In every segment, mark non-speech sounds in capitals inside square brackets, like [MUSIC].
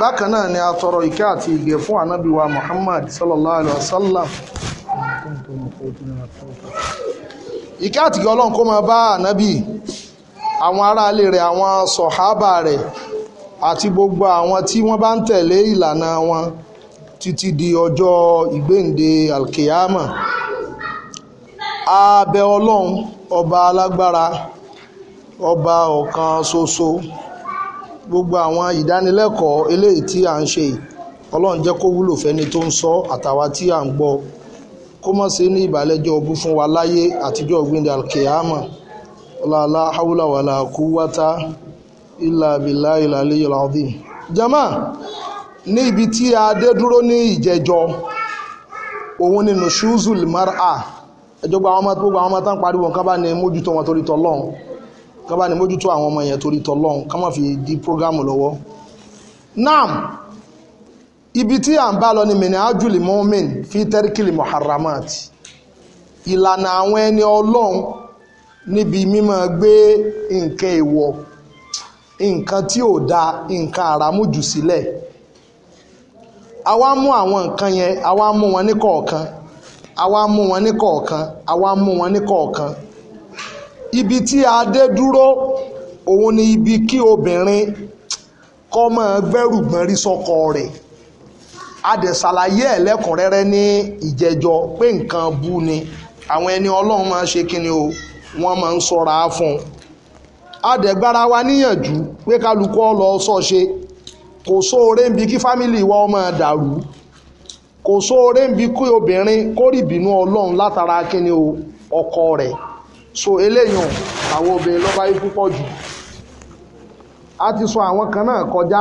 bákan náà ni a tọrọ ìkẹ́ àti ìgẹ̀ fún ànábì wa Muhammad sallallahu alayhi wa sallam ìkẹ́ àti ìgẹ̀ ọlọ́run kó máa bá ànábì àwọn aráalé rẹ̀ àwọn sọ̀hábà rẹ̀ àti gbogbo awọn tí wọ́n ba ń tẹ̀lé ìlànà wọn títí di ọjọ́ ìgbéǹde alkiyama a bẹ̀ ọlọ́run ọba alagbara. ọba ọ̀kan ṣoṣo. gbogbo àwọn ìdánilẹ́kọ̀ọ́ eléyìí tí à ń ṣe ọlọ́run jẹ́ kó wúlò fẹ́ni tó ń sọ àtàwa tí à ń gbọ́ kó mọ̀ sí ní ìbàlẹ́jọ́ ọbú fún wa láyé àtijọ́ ọ̀gbìndà kìámà ọ̀làlá haúláwàlà kú wátá ilà bìlà ilà àlẹ́yọ̀ làdín. jama ní ibi tí a dé dúró ní ìjẹjọ òun ni nùṣúzùl mara ẹjọ́ gba àwọn ọmọ tó gba àwọn ọmọ tán pariwo nǹkan bá ní mójútó wọn torí tọ́lọ́run ká bá ní mójútó àwọn ọmọ yẹn torí tọlọ́run ká má fi di programu lọ́wọ́ naam ibi tí à ń bá lọ ni minhajul mu'min fi tarkil muharramat ìlànà àwọn ẹni ọlọ́run níbi mímọ́ gbé nǹkan èèwọ̀ nǹkan tí ò da nǹkan àràmù jù sílẹ̀ àwa mú àwọn nǹkan yẹn àwa mú wọn ní kọ̀ọ̀kan àwa mú wọn ní kọ̀ọ̀kan àwa mú wọn ní kọ̀ọ̀kan. ibi tí adé dúró òun ni ibi kí obìnrin kọ́ máa gbẹ́rù gbọ́nrí sọ́kọ rẹ̀ adẹ̀sàlàyé ẹ̀ lẹ́kùnrẹ́rẹ́ ní ìjẹjọ pé nǹkan bú ni àwọn ẹni ọlọ́run máa ṣe kí ni o wọ́n máa ń sọ̀rọ̀ á fún un adẹ̀gbára wa níyànjú pé kálukú lọ sọ́ṣe kò sóore ń bi kí fámìlì wa ọmọ dàrú kò sóore ń bi kí obìnrin kórìbínú ọlọ́run látara kí ni o ọkọ rẹ̀ so eléyìn àwọn obìnrin ló bá yí a ti sọ àwọn kan náà kọjá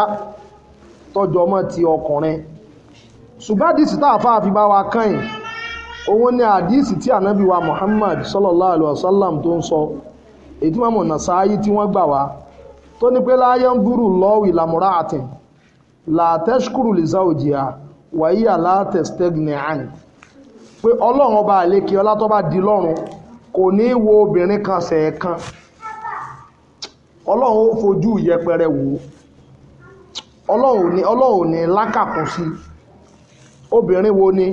tọjọ ti ọkùnrin ṣùgbọ́n tá a fà fi wa kàn ni tí ànábì wa Muhammad sallallahu alaihi tó ń sọ èyí tí wọ́n mọ̀ tí wọ́n gbà wá tó ní pé láyé ń lọ́wì àtìn lè záòjì à àn pé ọlọ́run kò ní wo obìnrin kan sẹ̀ẹ̀kan ọlọ́run ó fojú yẹpẹrẹ wò ọlọ́run ní ọlọ́run ní sí obìnrin wo ni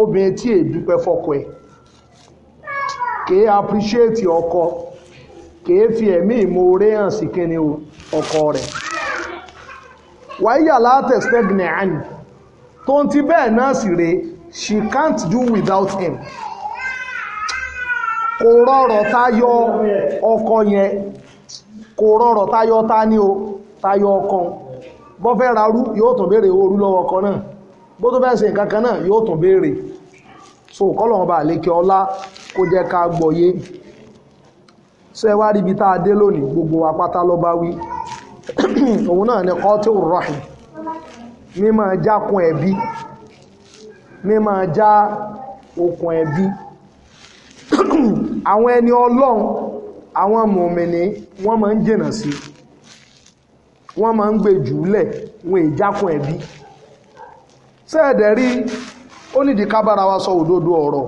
obìnrin tí èdú pẹ́ fọkọ ẹ̀ appreciate ọkọ kèé fi ẹ̀mí ìmoore hàn sí kíni ọkọ rẹ̀ wáyà látẹ̀stẹ́gìnì àní tó ń ti bẹ́ẹ̀ náà sì she can't do without him. kò rọrọ̀ táyọ ọkọ yẹn kò rọrọ̀ táyọ ta ní o táyọ ọkọ bó fẹ́ ra rú yóò tún béèrè orú lọ́wọ́ ọkọ náà bó tó fẹ́ ṣe nǹkan kan náà yóò tún béèrè so kọ́lọ̀wọ́n bá lékè ọlá kó jẹ́ ká gbọ́yé ṣe wá ríbi tá a dé lónìí gbogbo wa pátá ló bá wí [CLEARS THROAT] òun náà ni kọ́tí rọ̀hìn mímọ̀ já kun ẹ̀bí mímọ̀ já okùn ẹ̀bí [CLEARS THROAT] àwọn ẹni ọlọ́run àwọn mùmìnì wọ́n máa ń jìnà sí wọ́n máa ń gbé jùúlẹ̀ wọn ìjákun ẹ̀bí sẹ́ẹ̀dẹ̀ rí ó nídìí ká bára wa sọ òdodo ọ̀rọ̀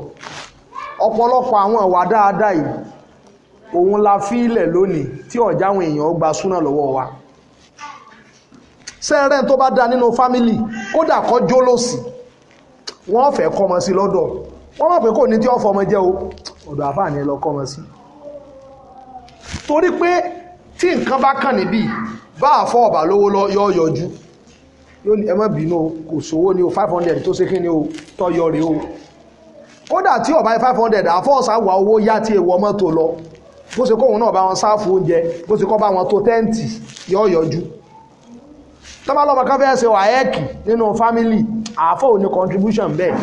ọ̀pọ̀lọpọ̀ àwọn ìwà dáadáa yìí òun la fílẹ̀ lónìí tí ọ̀já àwọn èèyàn gba súnà lọ́wọ́ wa sẹ́ẹ̀rẹ́ tó bá da nínú fámìlì kódà kọ́ jólósì wọ́n fẹ́ kọ́mọ sí lọ́dọ̀ wọ́n mọ̀ pé kò ní tí ọ̀fọ̀ ọmọ jẹ́ o ọ̀dọ̀ àfáà ni ẹ lọ kọ́ wọn sí torí pé tí nǹkan bá kàn níbí bá àfọ́ ọ̀bà lówó lọ yọ yọjú yóò ní ẹ má bínú kò sówó ní o five hundred tó ṣe kí ni o tọ́ yọ rèé o kódà tí ọ̀bá five hundred àfọ́ ọ̀sáwà owó yá tí èèwọ̀ mọ́tò lọ bó ṣe kóhun náà bá wọn sáfù oúnjẹ bó ṣe kọ́ bá wọn tó tẹ́ǹtì yọ yọjú tọ́bá lọ́mọ kan fẹ́ ṣe wàhẹ́ẹ̀kì nínú fámílì àfọ́ òní contribution bẹ́ẹ̀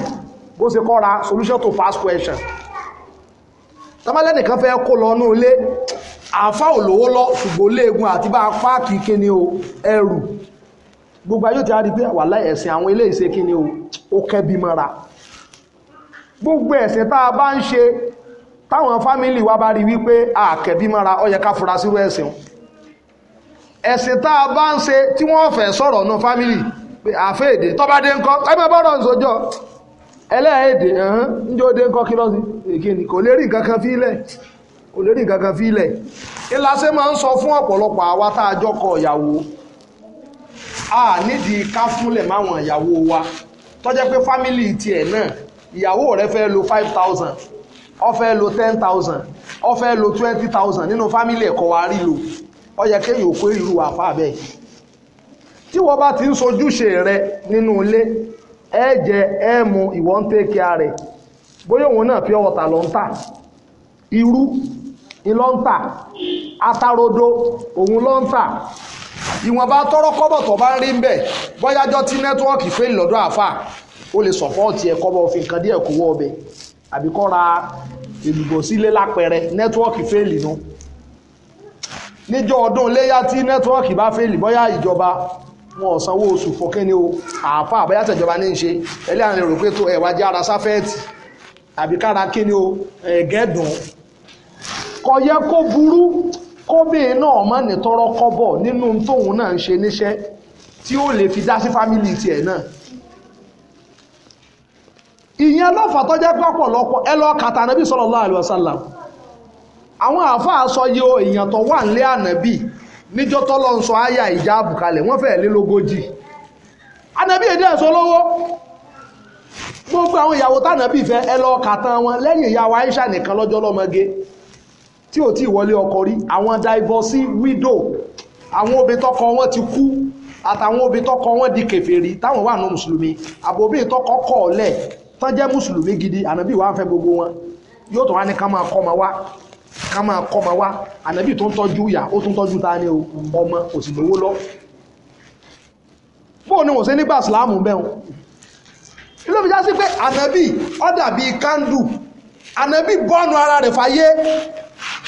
bó ṣe kọ́ra solution to fast question tamalẹ́nìkan fẹ́ kó lọ inú ilé àáfà ò lówó lọ ṣùgbọ́n léegun àti bá a páàkì o ẹrù gbogbo ayé ti á rí pé wàhálà ẹ̀sìn àwọn ilé ìṣe kíni o ó kẹ́bi mọ́ra gbogbo ẹ̀sìn tá a bá ń ṣe táwọn fámìlì wa bá rí wípé àkẹ́bí mọ́ra ó yẹ ká fura sírú ẹ̀sìn ẹ̀sìn tá a bá ń ṣe tí wọ́n fẹ́ sọ̀rọ̀ náà fámìlì pé àfẹ́ èdè tọ́ba dé ńkọ́ ẹ ẹlẹ́ẹ̀dẹ̀ ẹ̀hán ní ó dé ń kọ́ kí lọ́sí kò lérí nǹkankan fílẹ̀ kò lérí nǹkankan fílẹ̀ ìlàsẹ́ máa ń sọ fún ọ̀pọ̀lọpọ̀ àwa tá a jọkọ ìyàwó a nídìí ká fúnlẹ̀ máwọn ìyàwó wa tọ́jẹ́ pé fámìlì tiẹ̀ náà ìyàwó rẹ fẹ́ lo five thousand ó lo ten thousand ó lo twenty thousand nínú fámìlì ẹ̀kọ́ wa rí lo yẹ kéèyàn kó bẹ́ẹ̀ tí wọ́n ti ń rẹ nínú ilé ẹ jẹ ẹ mu ìwọ ń tẹ́ kí a rẹ̀ bóyá òun náà pure water ló ń tà irú ìlọ́ ń tà atarodo òun ló ń tà ìwọ̀nba tọrọ kọ́bọ̀ tó bá ń rí ń bẹ̀ bọ́yájọ́ tí nẹ́tíwọ́ọ̀kì fẹ́ lọ́dọ̀ àfà ó lè sọ̀pọ́ọ̀tì ẹ̀kọ́ bọ́ fi nǹkan díẹ̀ kó wọ́ ọbẹ̀ àbí kọ́ ra èlùbọ́ sílé lápẹẹrẹ nẹ́tíwọ́ọ̀kì fẹ́ẹ̀lì nu níjọ́ ọdún léyà tí nẹ́tíwọ́ọ̀kì bá fẹ́ẹ̀lì bọ́yá ìjọba wọn ò sanwó oṣù fọkẹ́ni o àáfà àbáyátẹ̀ ìjọba ní í ṣe ẹlẹ́yà rẹ̀ rò pé tó ẹ̀wà jẹ́ ara sáfẹ́ẹ̀tì àbí kára kí ni o ẹ̀gẹ́dùn kò yẹ kó burú kóbìnrin náà má ní tọrọ kọ́bọ̀ nínú tóun náà ń ṣe níṣẹ́ tí ó lè fi dá sí fámìlì tiẹ̀ náà ìyẹn lọ́fà tó jẹ́ pé ọ̀pọ̀lọpọ̀ ẹ lọ kàtà ànábì sallallahu alaihi wasallam àwọn àáfà sọ yìí o èèyàn tó wà nílé ànábì níjọ́ tọ́lọ́ ń sọ àyà ìjà àbùkalẹ̀ wọ́n fẹ́ẹ̀ lé lógójì anabi èdè ẹ̀sọ́ lówó gbogbo àwọn ìyàwó tànàbí fẹ́ ẹ lọ kàtàn wọn lẹ́yìn ìyàwó Aisha nìkan lọ́jọ́ lọ́mọge tí ò tí ìwọlé ọkọ rí àwọn divorcee widow àwọn obìnrin tọkọ wọn ti kú àtàwọn obìnrin tọkọ wọn di kèfèrí táwọn wà ní mùsùlùmí àbòbìnrin tọkọ kọ̀ ọ̀lẹ̀ tán jẹ́ mùsùlùmí gidi ànàbí wà ń fẹ́ gbogbo wọn yóò tó wá ní ká máa kọ́ ọmọ wa ká máa kọ́ ọmọ wa ànábì tó ń tọ́jú ìyá ó tún tọ́jú ta ni ọmọ kò sì lówó lọ fóònù ò sí nígbà síláàmù bẹ́ẹ̀ ilé ìfijá sí pé ànábì ó dàbí kándù ànábì bọ́ọ̀nù ara rẹ̀ fàyè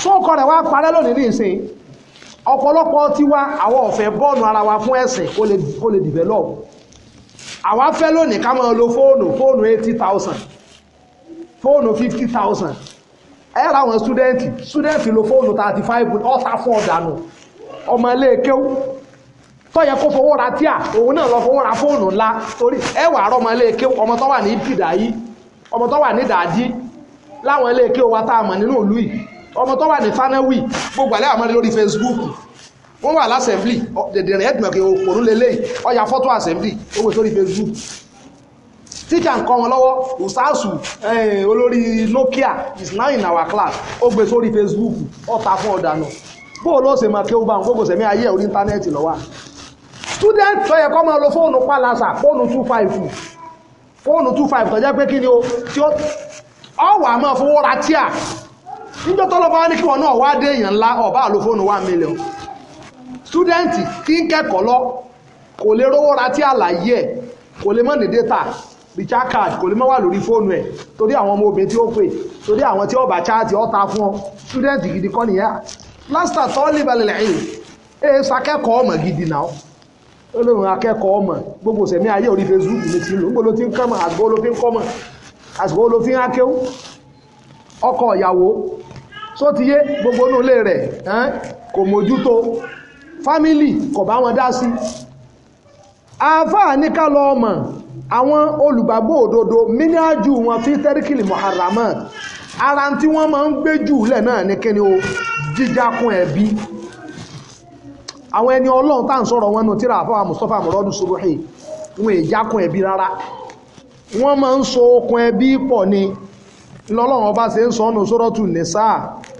sóòkọ rẹ̀ wá parẹ́ lónìí ní ìsìn ọ̀pọ̀lọpọ̀ tiwa àwọn ọ̀fẹ́ bọ́ọ̀nù ara wa fún ẹ̀sìn kó lè develop àwa fẹ́ lónìí ká máa lo fóònù fóònù eighty thousand fóònù fifty thousand ẹ ra àwọn súdẹ́ǹtì súdẹ́ǹtì lo fóònù thirty five ọ̀tá fún ọ̀dànù ọmọ ilé kéwú tọ́yẹ kó fowó ra tíà òun náà lọ fowó ra fóònù ńlá torí ẹ wà á rọ ọmọ ilé kéwú ọmọ tó wà ní ìpìdà yìí ọmọ tó wà ní dàdí láwọn ilé kéwú wa tá a mọ̀ nínú ìlú yìí ọmọ tó wà ní fanawi gbogbo àlẹ́ àmọ́ lórí Facebook wọ́n wà lásẹ̀mblì dèdèrè ẹ̀dùnmọ̀kẹ́ òpòrúlélẹ́yìn ọ̀yà Facebook tíjà ń wọn lọ́wọ́ eh, Nokia is now in our class ó gbé sórí Facebook ọ̀tá fún ọ̀dà bóò ló ṣe máa kí ó bá sẹ̀mí ayé orí íńtánẹ́ẹ̀tì lọ́wọ́ student tó yẹ kọ́ máa lo fóònù pàlàsà fóònù two five fóònù two five tó pé kí o tí ó wà máa fowó million student tí ń kẹ́kọ̀ọ́ lọ kò lè rówó ní recharge card kò lè mọ́ wà lórí fóònù ẹ̀ torí àwọn ọmọ obìnrin tí ó pè torí àwọn tí ó bá chaati ọ̀ta fún ọ student gidi kọ́ nìyẹn lásìtà tọ́lì balẹ̀ ẹ̀yìn ẹ̀ sàkẹ́kọ̀ọ́ ọmọ gidi náà olóhùn akẹ́kọ̀ọ́ ọmọ gbogbo sẹ̀mí ayé orí facebook ní ti lò ń gbolo tí ń kọ́mọ̀ àgbò ló fi ń kọ́mọ̀ àsìkò ló fi ń hákéwú ọkọ ìyàwó só ti yé gbogbo inú ilé rẹ̀ kò mójútó fámílì kò bá wọn dá sí àáfàá ní ká lọ ọmọ àwọn olùgbàgbọ́ òdodo mínájú wọn fi tẹ́ríkìlì mọ̀hàrámà ara tí wọ́n máa ń gbé jù lẹ̀ náà ní kíni o jíjákun ẹ̀bí àwọn ẹni ọlọ́run tá à ń sọ̀rọ̀ wọn nù tíra àfáwà Mustapha mọ̀rọ́dún subuhi wọn èjákun ẹ̀bí rárá wọ́n máa ń so okun ẹbí pọ̀ ni lọ́lọ́run ọba ṣe ń sọ ọ́nà sọ́rọ́tù nìsá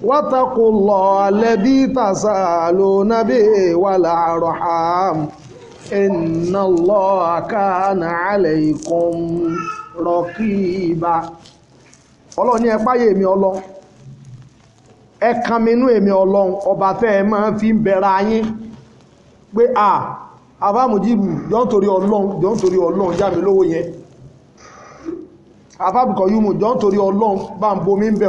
wátàkùn lọ́ọ̀lẹ́bí tàṣà lónàbí wàlà àrọ̀hàm إن الله كان عليكم رقيبا ọlọ́run ní ẹ páyé mi ọlọ́run ẹ kan mi inú èmi ọba ẹ fi ń bẹ̀rẹ̀ ayín pé a, àfàmùjìbù jọ ń torí jọ ń torí ọlọ́run já mi lówó yẹn àfàbùkọ̀ yìí mú jọ ń torí ọlọ́run bá ń bomi ń n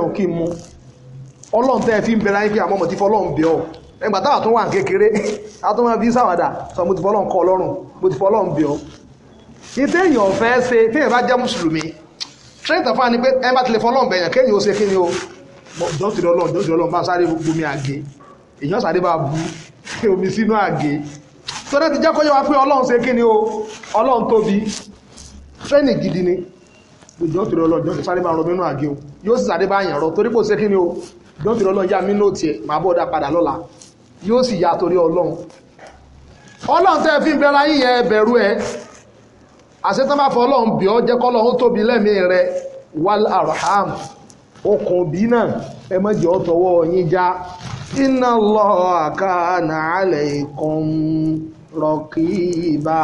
ń ẹgbà táwà tó wà ní kékeré a tó máa fi sáwàdà sọ mo ti fọ́ lọ́n kọ́ ọlọ́run mo ti fọ́ lọ́n bí ọ́ ìtẹ́ èèyàn fẹ́ ṣe téèyàn bá jẹ́ mùsùlùmí tírẹ́tà fún wa ni pé ẹ bá tilẹ̀ fọ́ lọ́n bẹ̀yàn kéèyàn ó ṣe kí ni o jọ́sìn ọlọ́run jọ́sìn ọlọ́run bá sáré gbomi àgé èèyàn sáré bá bu [LAUGHS] omi sínú àgé tọ́lá ti jẹ́ kó yẹ wá pé ọlọ́run ṣe kí ni o ọlọ́run tóbi tírẹ́nì gidi ni jọ́sìn ọlọ́run jọ́sìn sáré bá rọ mínú àgé o yóò sì sáré bá yàn rọ torí kò ṣe kí ni o jọ́sìn ọlọ́run yá mí nóòtì ẹ̀ máa bọ́ọ̀dà padà lọ́la yóò sì yà torí ọlọ́run ọlọ́run tẹ́ fi ń bẹ̀rẹ̀ ayé yẹn ẹbẹ̀rú ẹ àṣetán bá fọ ọlọ́run bí ọ jẹ́ kọ́lọ́run tóbi lẹ́mìí rẹ wal arham okùn bí náà ẹ má jẹ́ ọ̀tọ̀wọ́ yín já inna Allaha kana alaykum raqiba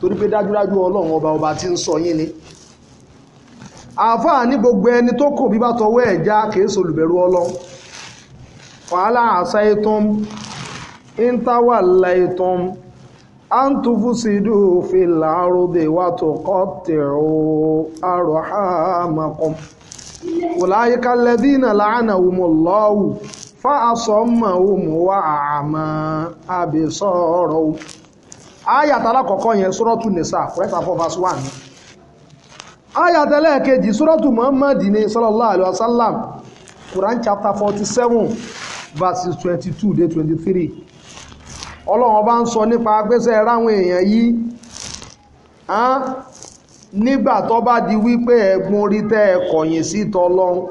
torí pé dájúdájú ọlọ́run ọba ọba tí ń sọ yín ni àáfàá ní gbogbo ẹni tó kò bí tọwọ́ ẹ̀ já kìí solùbẹ̀rù ọlọ́run wàhálà àṣàìtún ìntàwàláìtún àǹtúfùsìdù fìlàrúdè wà tó kọ́ tẹ̀rọ àròhàmàkùn wùláyíká lẹ́dínà láàánà wùmọ̀lọ́wù ụmụ wùmọ̀wà àmà àbẹ̀sọ́rọ̀ ayàtàlá kọ̀kọ́ yẹn sọ́rọ̀tù nìsà kúrẹ́tà 4 verse 1 Quran 47 verses twenty two dé twenty three ọlọ́run bá ń sọ nípa agbésẹ̀ ráwọn èèyàn yìí nígbà tó bá di wípé ẹ̀gbọ́n orí tẹ́ ẹ kọ̀yìn sí tọlọ́run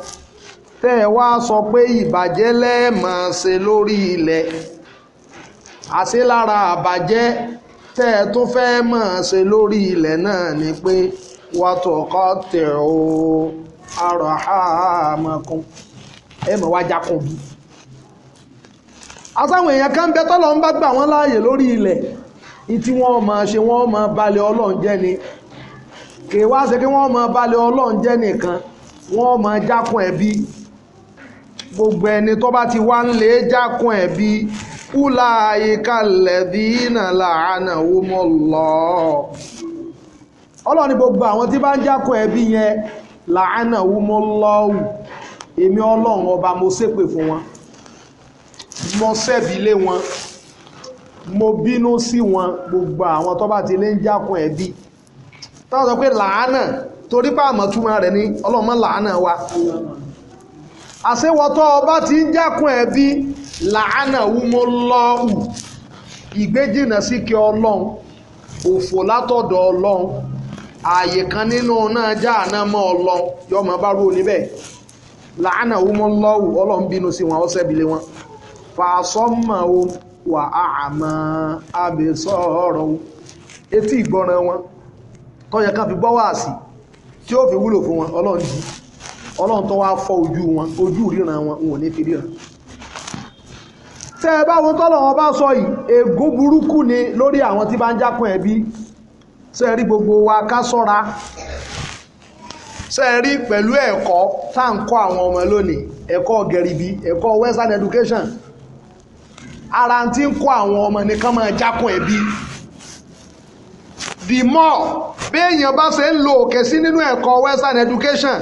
tẹ́ ẹ wá sọ pé ìbàjẹ́ lẹ́ẹ̀mọ̀ ṣe lórí ilẹ̀ àṣé lára àbàjẹ́ tẹ́ ẹ tún fẹ́ mọ̀ ṣe lórí ilẹ̀ náà ni pé wàtòkọ́ tẹ̀ ọ́ àrọ̀ àmọ́kùn ẹ mọ̀ wá jákùn bíi asáwọn èèyàn kan bẹ tọ́lọ́ ń bá gbà wọ́n láàyè lórí ilẹ̀ ìtí wọ́n máa ṣe wọ́n máa balẹ̀ ọlọ́run jẹ́ ni kì í wá ṣe kí wọ́n máa balẹ̀ ọlọ́run jẹ́ nìkan wọ́n máa jákun ẹ̀bí gbogbo ẹni tó bá ti wá ń lè jákun ẹ̀bí kúlà ayíkalẹ̀ bí iná làánà wó mọ́ lọ. ọlọ́run ni gbogbo àwọn tí bá ń jákun ẹ̀bí yẹn làánà wó mọ́ lọ́wù èmi ọlọ́run ọba mo ṣépè fún wọn mo ṣẹ̀bi lé wọn mo bínú sí wọn gbogbo àwọn tó bá ti lé ń jákun ẹbí táwọn sọ pé làánà torí pé àmọ́ túmọ̀ rẹ̀ ní ọlọ́mọ làánà wa àṣewọ́tọ́ ọba ti ń jákun ẹbí làánà wú mo lọ́ọ̀hù ìgbéjìnà sí kí ọlọ́run òfò látọ̀dọ̀ ọlọ́run ààyè kan nínú náà já àná mọ́ ọlọ́run yọmọ bá rú oníbẹ̀ làánà wú mo lọ́ọ̀hù ọlọ́run bínú sí wọn ó lé wọn fàásọ́mọ̀ o wà àmọ́ abẹ́sọ̀rọ̀ o etí ìgbọ́ràn wọn tó yẹ ká fi gbọ́ wáàsí tí ó fi wúlò fún wọn ọlọ́run jù ọlọ́run tó wá fọ ojú wọn ojú ríran wọn wọn ò ní fi ríran tẹ́ ẹ bá wọn tọ́lọ̀ wọn bá sọ yìí ègún burúkú ni lórí àwọn tí bá ń jákun ẹbí ṣe rí gbogbo wa ká sọ́ra ṣe rí pẹ̀lú ẹ̀kọ́ tá à ń kọ́ àwọn ọmọ lónìí ẹ̀kọ́ gẹ̀rìbí ẹ̀kọ́ western education ara tí ń kó àwọn ọmọ nìkan máa jákun ẹbí the more béèyàn bá ṣe ń lo òkè sí nínú ẹ̀kọ́ western education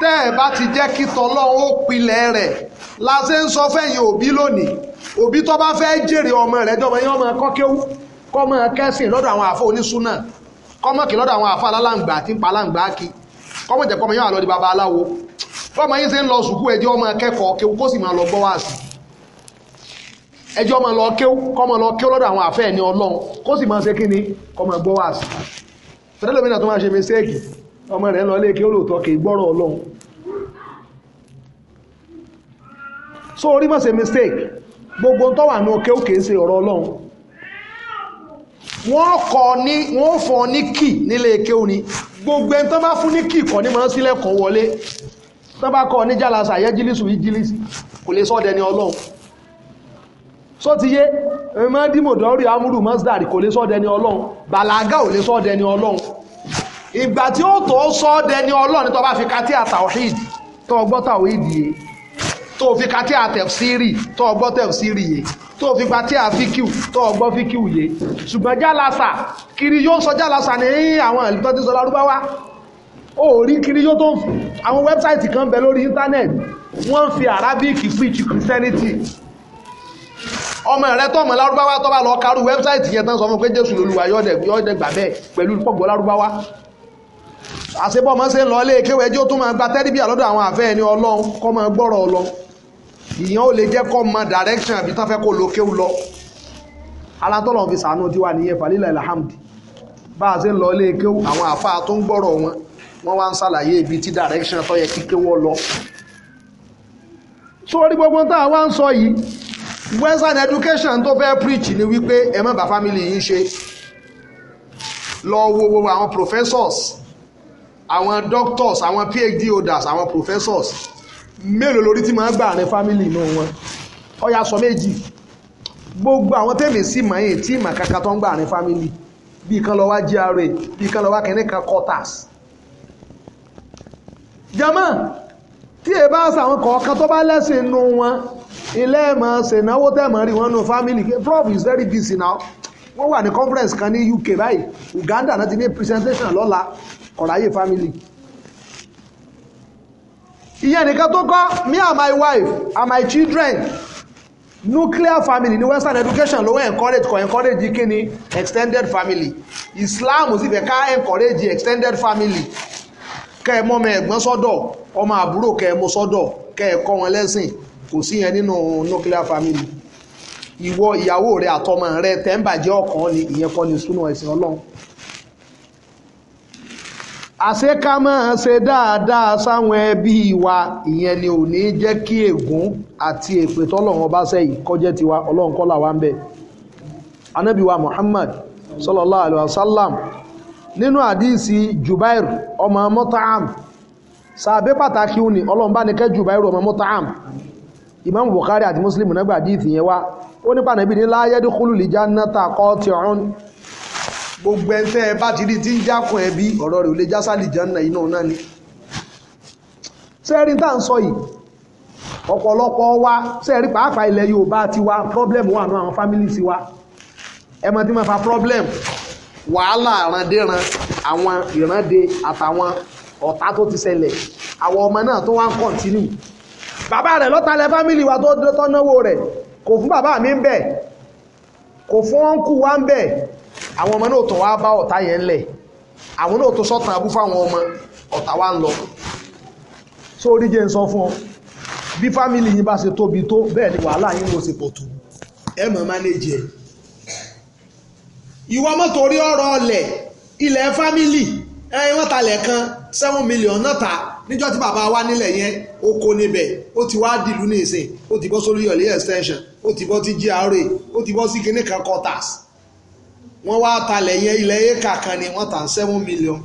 tẹ́ ẹ̀ bá ti jẹ́ kí tọ́lọ́run ó pilẹ̀ rẹ̀ la ṣe ń sọ fẹ́yìn òbí lónìí òbí tó bá fẹ́ jèrè ọmọ rẹ̀ jọmọ yín ọmọ kọ́kéwú kọ́mọ kẹ́sìn lọ́dọ̀ àwọn àfọ onísúnà kọ́mọ kì lọ́dọ̀ àwọn àfọ alálàǹgbà àti palàǹgbà kì kọ́mọ jẹ́ kọ́mọ yín àlọ́ di baba aláwo bọ́mọ yín ṣe ń lọ sùkú ẹjẹ́ ọmọ akẹ́kọ̀ọ́ kéwú kó sì máa lọ gbọ́ wá sí i ẹjọ́ máa lọ kéw kọ́ máa lọ kéw lọ́dọ̀ àwọn àfẹ́ ẹni ọlọ́run kó sì máa ṣe kí ni kọ́ máa gbọ́ wáàsí tẹ́lẹ̀ lómìnà tó máa ṣe mistake ọmọ rẹ̀ lọ lé kéw lóòótọ́ kì í gbọ́rọ̀ ọlọ́run so orí máa ṣe mistake gbogbo tó wà ní kéw kì í ṣe ọ̀rọ̀ ọlọ́run wọ́n kọ́ ní wọ́n fọ́ ní kì nílé kéw ni gbogbo ẹni tó bá fún ní kì kọ́ ní máa ń sílẹ̀kùn wọlé tó bá kọ́ ní jálásà yẹ́jílísù yíjílísì kò lè sọ́ọ̀dẹ̀ ní ọlọ́run sọ ti yé ẹ̀mọ́ dímọ̀dọ́rì amúrù mọ́sídàrí kò lè sọ dẹni ọlọ́run bàlágà ò lè sọ dẹni ọlọ́run ìgbà tí ó tó sọ dẹni ọlọ́run tó bá fi kàtí àtàwọ̀hìd tó gbọ́ tàwọ̀hìd yé tó fi kàtí àtẹ̀sírì tó gbọ́ tẹ̀sírì yé tó fi kàtí àfíkìw tó gbọ́ fíkìw yé ṣùgbọ́n jálásà kiri yóò sọ jálásà ní àwọn ìlú tó ti sọ lárúbáwá ó rí kiri yóò tó àwọn wẹ́bsáìtì kan bẹ lórí íńtánẹ́ẹ̀tì wọ́n fi arabic preach christianity ọmọ rẹ tọmọ lárúbáwá tọba lọ kárú wẹ́bsáìtì yẹn tán sọ fún pé jésù lolúwa yọ̀ọ́dẹ̀ gbà bẹ́ẹ̀ pẹ̀lú pọ̀gbọ́ lárúbáwá àṣepọ̀ mọ́ ṣe ń lọ ilé kéwẹ́ ẹjọ́ tó máa gba tẹ́rìbì àlọ́dọ̀ àwọn àfẹ́ ẹni ọlọ́run kọ́ máa gbọ́rọ̀ ọlọ ìyẹn ò lè jẹ́ kọ́ mọ direction àbí tán fẹ́ kó lo kéwù lọ alátọ́lọ́run fi sàánú tiwa nìyẹn falila alhamdi bá a ṣe ń lọ ilé kéwù àwọn àfáà tó ń gbọ́rọ̀ wọn wọ́n wá ń ṣàlàyé ibi tí direction tó yẹ kí kéwọ́ lọ sórí gbogbo tá a wá ń sọ yìí western education tó fẹ́ preach ni wípé ẹ má bà family yín ṣe lọ wo wo àwọn professors àwọn doctors àwọn phd holders àwọn professors mélòó lórí tí máa gbà ní family inú wọn ó yá sọ méjì gbogbo àwọn tèmi sí màáyìn tí màkàkà tó ń gbà ní family bí kan lọ wá GRA bí kan lọ wá kẹ́ni kan quarters jama tí ẹ bá sàwọn kọ̀ọ̀kan tó bá lẹ́sìn nu wọn ilé ẹ̀mọ́ ṣènáwó tẹ̀mọ́ rí wọn nu family prof is very busy now wọ́n wà ní conference kan ní UK báyìí Uganda náà ti ní presentation lọ́la kọ̀ráyè family ìyẹn nìkan tó kọ́ me and my wife and my children nuclear family ní western education ló wọ́n encourage kò encourage kí ni extended family Islam sì fẹ́ ká encourage extended family kẹ́ ẹ mọ́mọ ẹ̀gbọ́n sọ́dọ̀ ọmọ àbúrò kẹ́ ẹ mú sọ́dọ̀ kẹ́ ẹ kọ́ wọn lẹ́sìn kò sí yẹn nínú nuclear family ìwọ ìyàwó rẹ àtọmọ rẹ tẹ́ ń bàjẹ́ ọkàn ni ìyẹn kọ́ ni súnà ẹ̀sìn ọlọ́run àṣé ká máa ṣe dáadáa sáwọn ẹbí wa ìyẹn ni ò ní jẹ́ kí ègún àti èpè tọ́lọ́run ọba sẹ́yìn kọjẹ́ tiwa ọlọ́run kọ́là wa ń anábìwa Muhammad sallallahu alayhi wa sallam. nínú àdíìsí Jubair ọmọ Mut'am sàbẹ pàtàkì òní ọlọ́mbà ní kẹ́ Jubair ọmọ Mut'am Imam Bukhari àti Muslim nígbà àdíìsí yẹn wá ó nípa nàbí ní láyé dúkúlù lè jannata qati'un gbogbo ẹ̀fẹ́ bá ti rí tí ń jákun ẹbí ọ̀rọ̀ rẹ̀ ò lè jásálì janna iná náà ni sẹ́rin tá à ń sọ yìí ọ̀pọ̀lọpọ̀ wa sẹ́rí pàápàá ilẹ̀ Yorùbá ti wa problem wà nù àwọn fámìlì sí wa ẹ mọ̀ tí mo fa problem wàhálà àrandéran àwọn ìrande àtàwọn ọ̀tá tó ti ṣẹlẹ̀ àwọn ọmọ náà tó wá ń kọ̀ntínú bàbá rẹ̀ lọ́talẹ̀ fámìlì wa tó tó náwó rẹ̀ kò fún bàbá mi ń bẹ̀ kò fún ọ́nkù wa ń bẹ̀ àwọn ọmọ náà tó wá bá ọ̀tá yẹn lẹ̀ àwọn náà tó sọ́tàn abú fáwọn ọmọ ọ̀tá wa ń lọ sórí jẹ́ ń sọ fún ọ bí fámìlì yín bá ṣe tóbi tó bẹ́ẹ̀ ni wàhálà yín ló ṣe pọ̀ tó ẹ mọ̀ mánéjì ẹ̀ ìwọ mọ́tò orí ọ̀rọ̀ ọlẹ̀ ilẹ̀ fámìlì ẹyin wọ́n talẹ̀ kan seven million náà ta níjọ́ tí bàbá wa nílẹ̀ yẹn ó kó níbẹ̀ ó ti wá dìlú ní ìsìn ó ti bọ́ sórí yọ̀lẹ́ extension ó ti bọ́ sí GRA ó ti bọ́ sí kinní kan quarters wọ́n wá talẹ̀ yẹn ilẹ̀ éka kan ni wọ́n ta seven million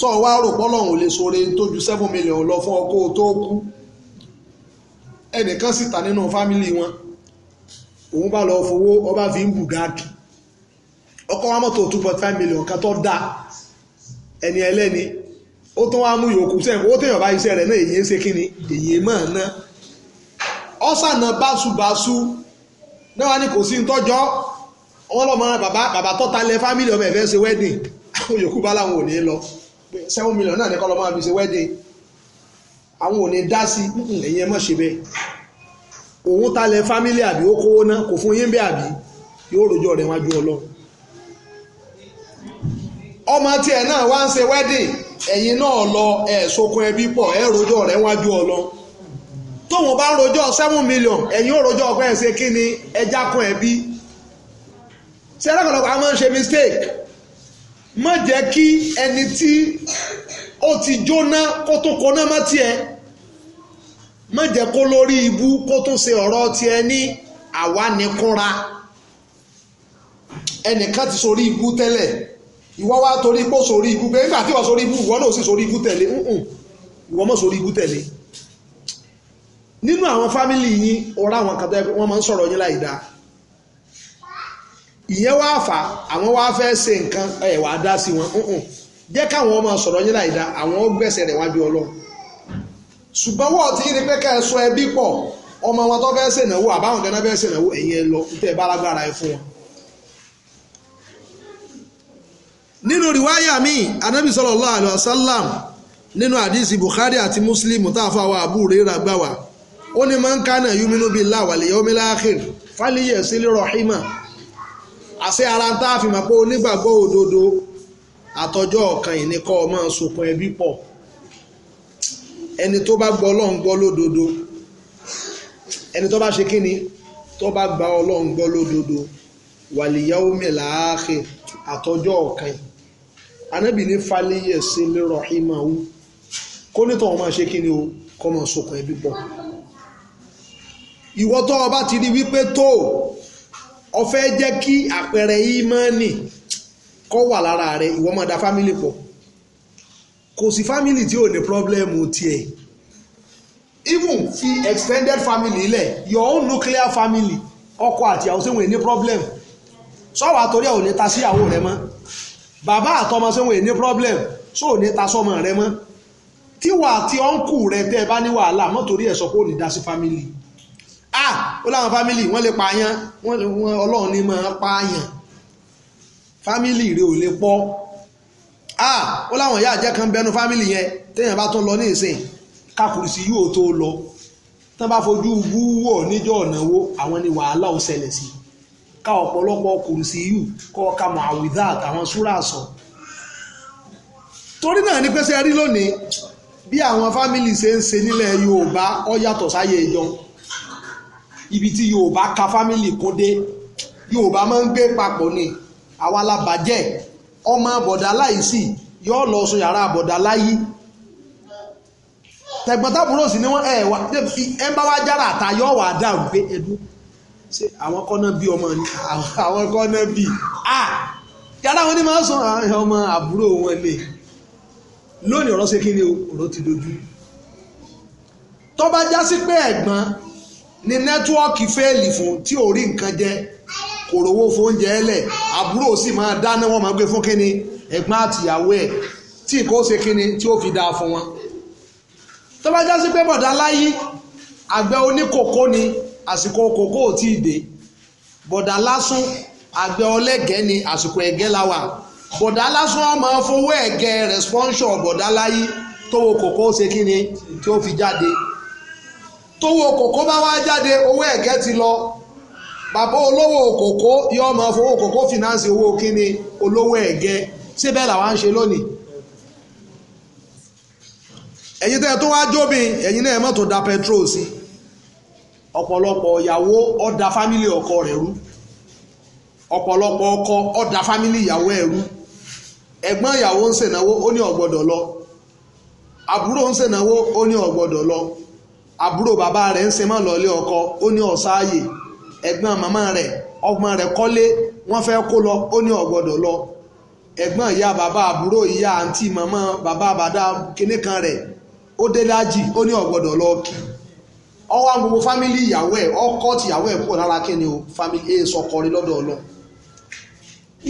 sọ wá rò pọ́lọ́hún ò lè sọ̀rọ̀ ẹni tó ju seven million lọ fún ọkọ tó kú ẹnìkan sì ta nínú fámìlì wọn òun bá lọ fowó ọba fi ń bù gáàkì ọkọ̀ wa mọ́tò two million kan tó dà ẹni ẹlẹ́ni ó tún wá mú yòókù sẹ́yìn owó téèyàn bá iṣẹ́ rẹ̀ náà èyí ń ṣe kí ni èyí mọ̀ ná ọ̀sànà báṣubàṣu náà wá ní kò sí ntọ́jọ́ wọn lọ́mọ bàbá bàbá tọ́ta lẹ fámìlì ọmọ ẹ̀fẹ́ ṣe wedding àwọn yòókù bá láwọn ò ní lọ seven million náà ní kọ́ lọ́ máa ṣe wedding àwọn ò ní dá sí ẹ̀yin ẹ̀ mọ̀ ṣe bẹ́ẹ̀ òun ta lẹ fámìlì àbí ó kówó ná kò fún yín bẹ́ẹ̀ àbí yóò rojọ́ rẹ̀ wájú ọlọ́run ọmọ tiẹ̀ náà wá ń ṣe wedding ẹ̀yin náà lọ ẹ̀ sokun ẹbí pọ̀ ẹ̀ rojọ́ rẹ̀ wájú ọlọ́ tóun bá rojọ́ seven million ẹ̀yin ò rojọ́ ọ̀pẹ́ ẹ̀ ṣe kí ni ẹja kun ẹbí ṣé ẹlẹ́kọ̀ọ́lọ́pọ̀ a máa ń ṣe mistake má jẹ́ kí ẹni tí ó ti jóná kó tó kóná mọ́ tiẹ̀ má jẹ́ kó lórí ibú kó tó ṣe ọ̀rọ̀ tiẹ̀ ní àwa nìkúnra ẹnìkan ti sọ orí ibú tẹ́lẹ̀ ìwọ wá torí pé sórí ibú pé nígbà tí wọ́n sórí ibú ìwọ náà sì sórí ibú tẹ̀lé ìwọ mọ̀ sórí ibú tẹ̀lé nínú àwọn fámìlì yín ọ̀rọ̀ àwọn kan tó yẹ pé wọ́n máa ń sọ̀rọ̀ yín láì dáa ìyẹn wá fà àwọn wá fẹ́ ṣe nǹkan ẹ̀ wá dá sí wọn jẹ́ káwọn ọmọ sọ̀rọ̀ yín láì dáa àwọn gbẹ̀sẹ̀ rẹ̀ ọlọ́run ṣùgbọ́n ọmọ nínú riwaya mi anabi sallallahu alayhi wa sallam nínú àdìsí bukhari àti muslim tá a fa wa abu rira gbà wá ó ní man kana yuminu billahi wal yawmil akhir falyasil rahima àṣẹ ara ń tá a fi mọ̀ pé onígbàgbọ́ òdodo àtọjọ́ ọ̀kan yìí ni kọ́ ọ máa sokun ẹbí pọ̀ ẹni tó bá gbọ́ ọlọ́run gbọ́ lódodo ẹni tó bá ṣe kí ni tó bá gba ọlọ́run gbọ́ lódodo wal yawmil akhir àtọjọ́ ọ̀kan yìí anábì ní falẹ́yẹ̀ sí lérò ìmọ̀wú kó nítọ̀ wọn máa ṣe kí ni o kọ́ máa sokùn ẹbí pọ̀ ìwọ tó o bá ti di wípé tó o fẹ́ jẹ́ kí àpẹẹrẹ ìmọ̀ọ́nì kọ́ wà lára rẹ ìwọ máa da fámìlì pọ̀ kò sí fámìlì tí ò ní pírọ́blẹ́mù tiẹ̀ even fi extended family lẹ̀ your own nuclear family ọkọ àti àwọn sẹ́wọ̀n ní problem sọ́wọ́ àtọ́rí ẹ̀ ò ní ta sí rẹ mọ́ bàbá àtọmọ sí wọn ní problem so ò ní ta sọmọ rẹ mọ́ tíwà àti ọ̀nkù rẹ tẹ́ ẹ bá ní wàhálà mọ́ ẹ̀ sọ pé ò ní dá family ah ó láwọn family wọ́n lè pààyàn ọlọ́run ní máa pààyàn family rẹ ò lè pọ̀ ah ó láwọn ìyá àjẹ́ kan bẹnu family yẹn téèyàn bá tún lọ ní ìsìn kakùrù sí yóò tó lọ tán bá fojú wúwọ̀ níjọ́ ọ̀nàwó àwọn ni wàhálà ó ṣẹlẹ̀ sí i ká ọ̀pọ̀lọpọ̀ kùrùsì yù kọ́ ká mọ̀ àwìdá àtàwọn súrà sọ. torí náà ní pẹ́sẹ́ rí lónìí bí àwọn fámìlì ṣe ń ṣe nílẹ̀ Yorùbá ó yàtọ̀ sáyé ìjọun ibi tí Yorùbá ka fámìlì kó dé Yorùbá máa ń gbé papọ̀ ni àwa la bàjẹ́ ọmọ bọ̀dá láìsí yóò lọ sọ yàrá bọ̀dá láyí tẹ̀gbọ́n tábúrò sí ni wọ́n ẹ̀ wá ẹ bá wá jára àtayọ́ wà dáhùn pé ẹdún ṣe àwọn kọ́nà bí ọmọ ni àwọn kọ́nà bí a yàrá wọn ni máa sọ ah, ọmọ àbúrò wọn lè lónìí ọ̀rọ̀ ṣe kí ni ọ̀rọ̀ ti dojú tó bá já sí pé ẹ̀gbọ́n ni nẹ́tíwọ́ọ̀kì fẹ́ẹ̀lì fún tí ò rí nǹkan jẹ kò rówó fóúnjẹ ẹlẹ̀ àbúrò sì máa dáná wọn máa gbé fún kínni ẹ̀gbọ́n àtìyàwó ẹ̀ tí kò ṣe kínni tí ó fi dáa fún wọn tó bá já sí pé bọ̀dá láyé àgbẹ̀ oníkòkó ni àsìkò kòkó ò tí ì dé bọ̀dà lásán àgbẹ̀ ọlẹ́gẹ̀ẹ́ ni àsìkò ẹ̀gẹ́ la wà bọ̀dà lásán ọmọ fowó ẹ̀gẹ́ rẹ̀spọ́nṣọ̀ bọ̀dà láyé tówó kòkó ṣe kí ni tí ó fi jáde tówó kòkó bá wá jáde owó ẹ̀gẹ́ ti lọ bàbá olówó kòkó yọ ọmọ fowó kòkó fìnánsì owó kí ni olówó ẹ̀gẹ́ ṣé bẹ́ẹ̀ làwa ń ṣe lónìí ẹ̀yin tẹ́ ẹ tó wá jóbìn ẹ̀yin náà ẹ mọ̀ tó da petrol sí i ọ̀pọ̀lọpọ̀ ìyàwó ọ̀dà fámílì ọkọ rẹ̀ rú ọ̀pọ̀lọpọ̀ ọkọ ọ̀dà fámílì ìyàwó ẹ̀ rú ẹ̀gbọ́n ìyàwó ń ṣènáwó ó ní ọ̀gbọ́dọ̀ lọ àbúrò ń ṣènáwó ó ní ọ̀gbọ́dọ̀ lọ àbúrò bàbá rẹ̀ ń mọ́ lọ́lé ọkọ ó ní ọ̀sáàyè ẹ̀gbọ́n màmá rẹ̀ rẹ̀ kọ́lé wọ́n fẹ́ kó lọ ó ní ọ̀gbọ́dọ̀ lọ ẹ̀gbọ́n ìyá bàbá àbúrò ìyá ọwọ́ gbogbo fámílì ìyàwó ẹ̀ ọkọ ti ìyàwó ẹ̀ kúrò lára kíni o fámílì ẹ̀ ọfẹ rí lọ́dọ̀ ọlọ́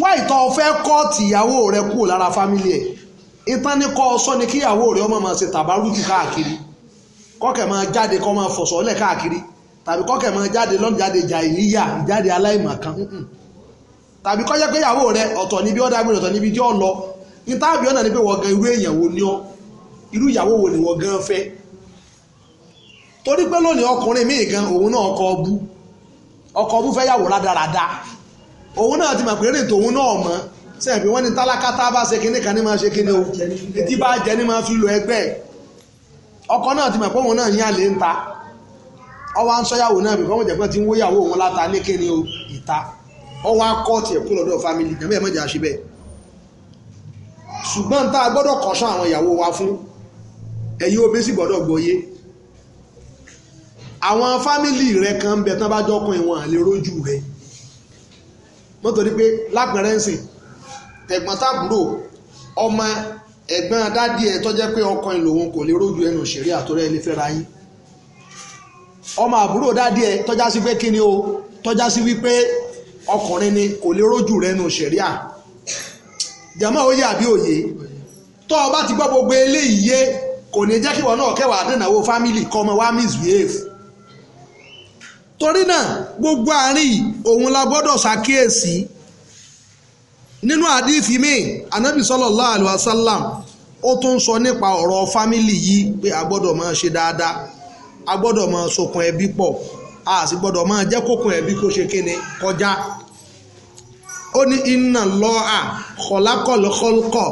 wá ìtọ́ fẹ́ kọ́ ti ìyàwó rẹ kúrò lára fámílì ẹ̀ ìtàn ní kọ́ sọ ni kí ìyàwó rẹ ọmọ máa ṣe tàbárùkù káàkiri kọ́kẹ̀ máa jáde kọ́ máa káàkiri tàbí máa jáde lọ́nà jáde jà ìníyà ìjáde aláìmọ̀kan tàbí jẹ́ pé ìyàwó rẹ torí pé lónìí ọkùnrin míì gan òun náà ọkọ ọbú ọkọ ọbú fẹ́ yàwó rádaràda òun náà ti mọ̀ pé rìn tòun náà mọ́ sẹ́yìn pé wọ́n ní tálákà bá ṣe kinní kan ní máa ṣe kinní o etí bá ní máa fi ẹgbẹ́ ọkọ náà ti mọ̀ pé òun náà yín àlè ń ọwọ́ à náà bí ti ń wóyàwó òun láta ní o ìta ọwọ́ lọ́dọ̀ àwọn fámìlì rẹ kan bẹ tán bá jọkùn ìwọ̀n àlè rójú rẹ mọ́tòrí pé lápẹ̀rẹ́ ń sìn tẹ̀gbọ́n tàbúrò ọmọ ẹ̀gbọ́n dádì ẹ̀ tó jẹ́ pé ọkọ ẹ̀ lòun kò lè rójú ẹnu òṣèré àtọ́rẹ́ ilé fẹ́ra yín ọmọ àbúrò dádì ẹ̀ tọ́já sí pé kí ni o tọ́já sí wípé ọkùnrin ni kò lè rójú rẹ ẹnu òṣèré à jàmọ́ òye àbí òye tó o bá ti gbọ́ gbogbo eléyìí yé kò ní jẹ́ kí wọn náà kẹwàá dènàwó fámìlì kọ́ ọmọ wa misbehave torí náà gbogbo àárín òun la gbọ́dọ̀ ṣàkíyèsí nínú àdífì míì anábì sallallahu alaihi wasallam ó tún sọ nípa ọ̀rọ̀ fámìlì yìí pé a gbọ́dọ̀ máa ṣe dáadáa a gbọ́dọ̀ máa sokùn ẹbí pọ̀ a sì gbọ́dọ̀ máa jẹ́ kókùn ẹbí kó ṣe kéne kọjá ó ní inna Allaha khalaqal khalqa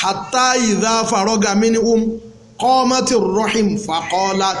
hatta idha faraga minhum qamatir rahim faqalat.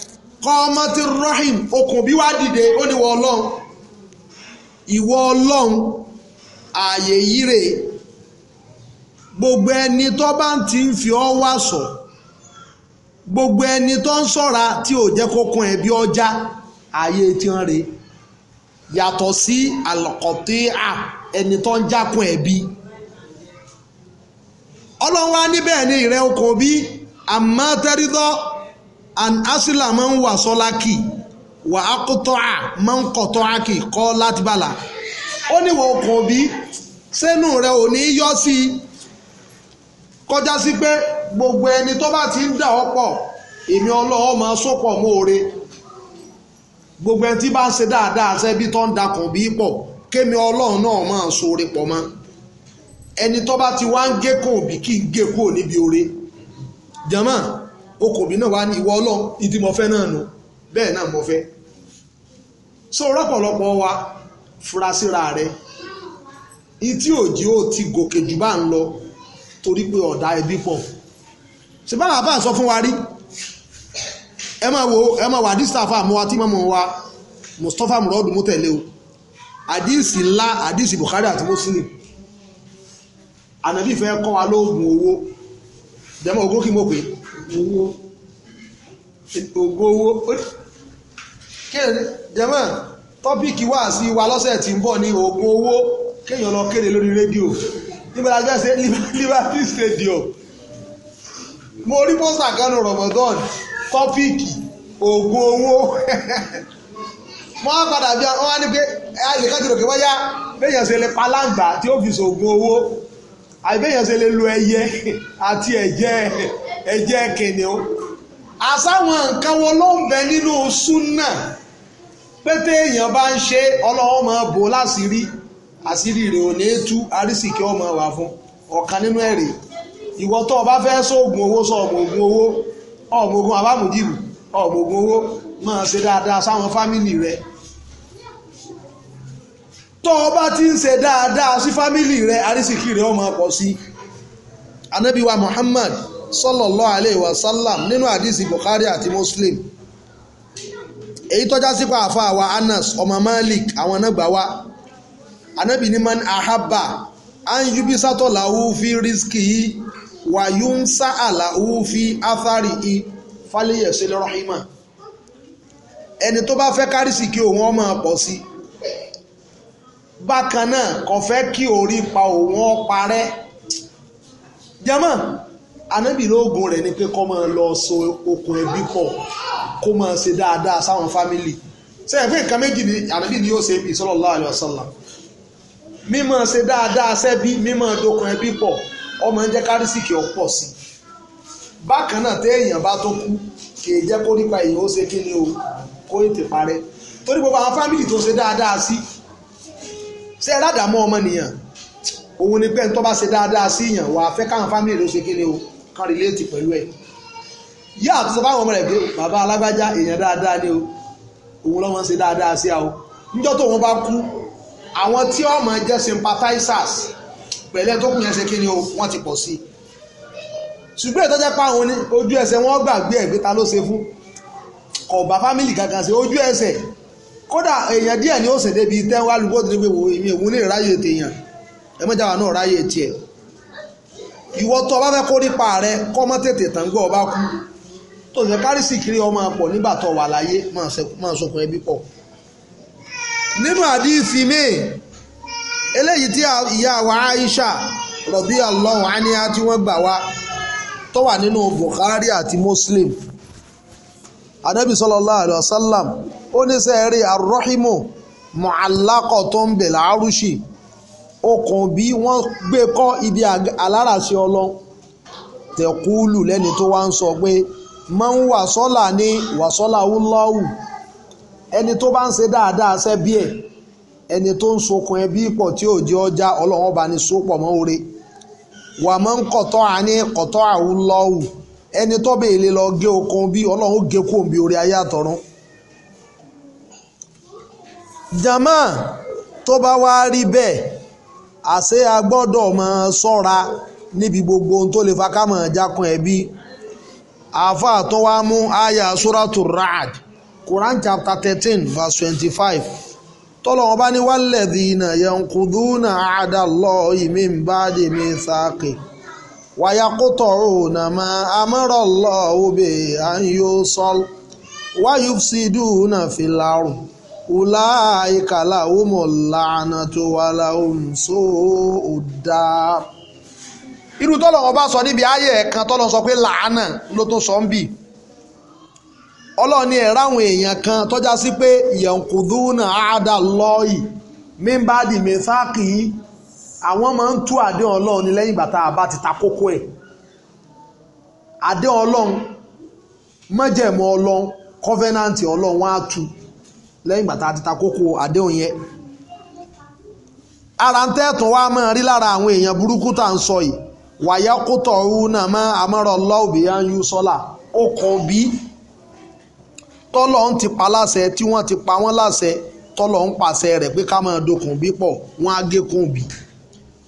kọ́mọ́tì rahim okùn bí wàá dìde ó ní wọ ọlọ́run ìwọ ọlọ́run ààyè yíre gbogbo ẹni tó bá ń ti ń fi ọ́ wá sọ gbogbo ẹni tó ń ṣọ́ra tí ò jẹ́ kókun ẹ̀bí ọjà ààyè tí ń yàtọ̀ sí àlọ́kọ̀tìyà ẹni tó ń jákun ẹ̀bí ọlọ́run wá níbẹ̀ ní ìrẹ́ okùn bí àmọ́ tẹ́rídọ́ an asila máa ń wà sọ́lákì wà á kótó à máa ń kọ̀tọ́ àkì kọ́ láti bàlá ó ní wọ́n kò bí sẹ́nu rẹ̀ ò ní yọ sí i kọjá sí pé gbogbo ẹni tó bá ti ń dà ọ́ pọ̀ èmi ọlọ́wọ́ máa sọ́pọ̀ mọ́ọ́re gbogbo ẹni tí bá ń ṣe dáadáa sẹ́bí tó ń dakùn bí pọ̀ kémi ọlọ́run náà máa sóore pọ̀ mọ́ ẹni tó bá ti wá ń gé kò bí kí n gé kúrò níbi oore jẹ́mọ́ okòbí náà wá ní ìwọ ọlọ́run ìdí mo fẹ́ náà nù bẹ́ẹ̀ náà mo so rọ́pọ̀lọpọ̀ wa fura síra rẹ ìtí òjì ó ti gòkè jù bá ń lọ torí pé ọ̀dà ẹbí pọ̀ ṣùgbọ́n bàbá sọ fún wa rí ẹ máa wo ẹ máa wà àdìsí àfa àmúwa tí mọ̀mọ́ wa Mustapha Muradu mú tẹ̀lé o àdìsí ńlá àdìsí Bukhari àti Muslim ànàbí fẹ́ kọ́ wa lóògùn owó dẹ́mọ̀ ogún kí mo pè é owó ògùn owó kéèrè jẹ́mọ́ tọ́píìkì wà sí wa lọ́sẹ̀ tí ń bọ̀ ní ògùn owó kéèyàn lọ kéde lórí rédíò nígbà tí a ṣe Liberty Stadium mo rí pọ́sà kanu Ramadan tọ́píìkì owó [LAUGHS] wọ́n padà bí wọ́n wá ní pé ẹ̀ka ti rò pé wọ́n yá lè pa tí ó fi owó. àbẹ́yẹn ṣe lè lo ẹyẹ àti ẹ̀jẹ̀ ẹ̀jẹ̀ kìnìún àsáwọn nǹkan wo ló ń bẹ nínú súnà pété èèyàn bá ń ṣe ọlọ́wọ́ máa bò láṣìírí àṣírí rẹ̀ ò ní tú àrísìkí ọmọ wà fún ọ̀kan nínú ẹ̀rì ìwọ tó o bá fẹ́ sóògùn owó sọ ọmọ ogun owó ọmọ ogun àbámùjìbù ọmọ ogun owó máa ṣe dáadáa sáwọn fámìlì rẹ̀ tó o bá ti ń ṣe dáadáa sí fámìlì rẹ àrísìkí rẹ ó máa pọ̀ sí i anabi wa muhammad sallallahu alayhi wa sallam nínú àdìsí bukhari àti muslim èyí tọ́já sípa àfa àwa anas ọmọ malik àwọn nàgbà wa anabi ni man ahaba an yubi sátọ̀ làwù fi rizki yìí wà yún sá àlàwù fi athari yìí fálẹ́yẹ̀ sílẹ̀ rọ́hìmà ẹni tó bá fẹ́ kárìsì kí òun ọmọ pọ̀ sí i bákan náà kò fẹ́ kí orí pa òun ó parẹ́ jẹ́mọ́ anábì lóògùn rẹ̀ ni pé kó máa lọ so okùn ẹbí pọ̀ kó máa ṣe dáadáa sáwọn fámìlì sẹ́yìn fún nǹkan méjì ni anábì ni yóò ṣe bí sallallahu alaihi wasallam mímọ̀ ṣe dáadáa sẹ́bí mímọ̀ dokùn ẹbí pọ̀ ọmọ ń jẹ́ kárísìkì ọ̀pọ̀ sí i bákan náà téèyàn bá tó kú kì í jẹ́ kó nípa èèyàn ó ṣe kí ni o kó ètè parẹ́ torí gbogbo àwọn fámìlì tó ṣe dáadáa sí ṣe rádàmú ọmọnìyàn òun ni pé tó bá ṣe dáadáa sí èèyàn wà á fẹ́ káwọn fámìlì ló ṣe kíni o kan rìlẹ́ẹ̀tì pẹ̀lú ẹ̀ yá àtúnṣe fáwọn ọmọ rẹ̀ pé bàbá alágbájá èèyàn dáadáa ni o òun lọ́mọ ṣe dáadáa sí a o níjọ́ tó òun bá kú àwọn tí ọmọ jẹ́ sympathizers pẹ̀lẹ́ tó kùn yẹn ṣe kíni o wọ́n ti pọ̀ sí i ṣùgbọ́n ìtọ́jà pa àwọn ojú ẹsẹ̀ wọn gbàgbé ẹ̀gbẹ́ta ló ṣe fún kọ̀ọ̀bà fámìlì kankan ṣe ojú ẹsẹ̀ kódà èèyàn díẹ̀ ni ó sì débi tẹ́ wá lùgbò tó ní pé wò èmi òun lè ráyè tèèyàn ẹ mọ́jà wà náà ráyè tiẹ̀ ìwọ tó ọba fẹ́ kó nípa rẹ kọ́ mọ́ tètè tán gbọ́ ọba kú tó fẹ́ kárí sì kiri ọmọ pọ̀ nígbà tó wà láyé máa sọkùn ẹbí pọ̀ nínú àdìsí míì eléyìí tí ìyá wa Aisha rọ̀bí Allah àníyá tí wọ́n gbà wá tó wà nínú Bukhari àti Muslim anabi sallallahu alayhi wa sallam ó ní sẹ́ẹ̀rí arọ́hìmù mọ̀ọ́lákọ̀ tó ń bẹ̀ láàrúṣì okùn bí wọ́n gbé kọ́ ibi aláràṣẹ ọlọ́ tẹ̀kúlù lẹ́ni tó wá ń sọ pé máa ń wà sọ́là ní wà sọ́là wúláwù ẹni tó bá ń ṣe dáadáa sẹ́bí ẹ̀ ẹni tó ń sokùn ẹbí pọ̀ tí ò jẹ́ ọjà ọlọ́wọ́n bá ní sopọ̀ mọ́ ore wà máa ń kọ̀tọ́ àní kọ̀tọ́ àwùlọ́wù. ẹni tọ́bẹ̀ èlé lọ gé okun bí ọlọ́run ó gé bí orí ayé àtọ̀run jama tó bá wá rí bẹ́ẹ̀ àṣé a gbọ́dọ̀ máa níbi gbogbo ohun tó lè fa ká máa jákun ẹbí àáfàá tó wá mú àyà sóràtù Ra'd Quran chapter thirteen verse twenty-five wọn bá ويقطعون ما أمر الله به أن يوصل ويفسدون في الأرض أولئك لهم اللعنة ولهم سوء الدار irú tọ́lọ̀ wọn bá sọ níbi ayé ẹ̀kan tọ́lọ̀ sọ pé làánà ló tó sọ ń bì ọlọ́ọ̀ni ẹ̀rọ àwọn èèyàn kan tọ́já sí pé ìyẹ̀nkùdúnà àádá lọ́ọ̀yì mímbàdì mẹ́fàkì yìí àwọn máa ń tú àdéhùn ọlọ́run ní lẹ́yìn bàtà àbá ti ta kókó ẹ̀ àdéhùn ọlọ́run májẹ̀mú ọlọ́run kọ́fẹ́nàntì ọlọ́run wọn á tú lẹ́yìn bàtà àti ta kókó àdéhùn yẹn ara ń tẹ́ẹ̀tún wá máa rí lára àwọn èèyàn burúkú tá à ń sọ yìí wàyà kótó ọ̀hún náà máa amọ́rọ̀ lọ́ọ̀bì yá ń yú sọ́là ó kàn bí tọ́lọ̀ ti pa láṣẹ tí wọ́n ti pa wọ́n láṣẹ tọ́lọ̀ ń pàṣẹ rẹ̀ pé ká máa dokùn bí pọ̀ wọ́n á gé kùn bí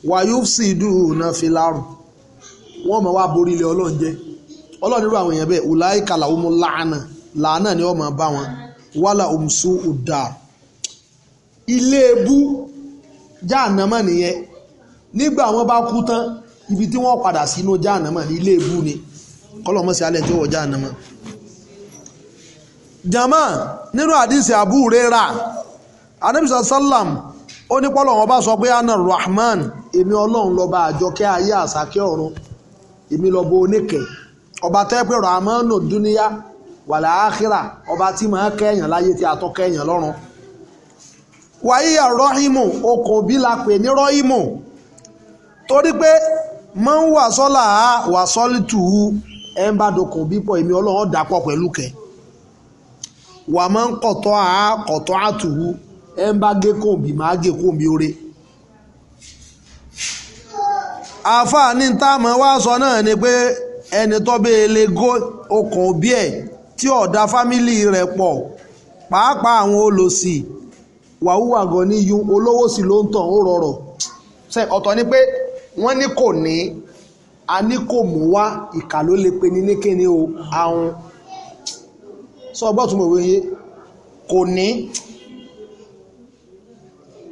wàyúfsìdù náà fi lárùn wọ́n mọ̀ wá borí ilẹ̀ ọlọ́run jẹ́ ọlọ́run nírú àwọn èèyàn bẹ́ẹ̀ wùláì kàlà ó mú láàánà ni wọ́n máa bá wọn wàlà òmùsù ọ̀dà ilé ebú jáànámà nìyẹn nígbà wọn bá kú tán ibi tí wọ́n padà sínú jáànámà ní ilé ebú ni kọ́lọ́mọ́sí alẹ́ tí ó wọ̀ jáànámà jama nínú àdìsí àbúrẹ́ra anábìsà sálàmù ó ní pọ́lọ̀ wọn bá sọ pé anna rahman èmi ọlọ́run lọ́ba àjọkẹ́ ayé àsákẹ́ ọ̀run èmi lọ́ba oníkẹ́ ọba tẹ́ pé rahmanu dúníyá wàlà áhírà ọba tí màá kẹ́yàn láyé tí a tọ́ kẹ́yàn lọ́run wàyíyà rọ́hìmù okùn bí la pè ní rọ́hìmù torí pé máa ń wà sọ́là á wà sọ́lì tùú ẹ̀ ń bá dokùn bí pọ̀ èmi ọlọ́run dàpọ̀ pẹ̀lú kẹ́ wà máa ń kọ̀tọ́ á kọ̀tọ́ á ẹ ń bá gé kòǹbì máa gé kòǹbì oore àáfàá ní táàmù wá sọ náà ni pé ẹni tó bẹ́ẹ̀ lè gó okùn òbí ẹ̀ tí ọ̀dà fámìlì rẹ̀ pọ̀ pàápàá àwọn olòṣì wàhùwà gan ni yun olówó sì ló ń tàn ó rọrọ̀ ṣe ọ̀tọ̀ ni pé wọ́n ní kò ní a ní kò mú wá ìkà ló lè pe ní níkẹ́ni o àwọn sọ ọgbọ́n tó mọ̀ wọ́n yé kò ní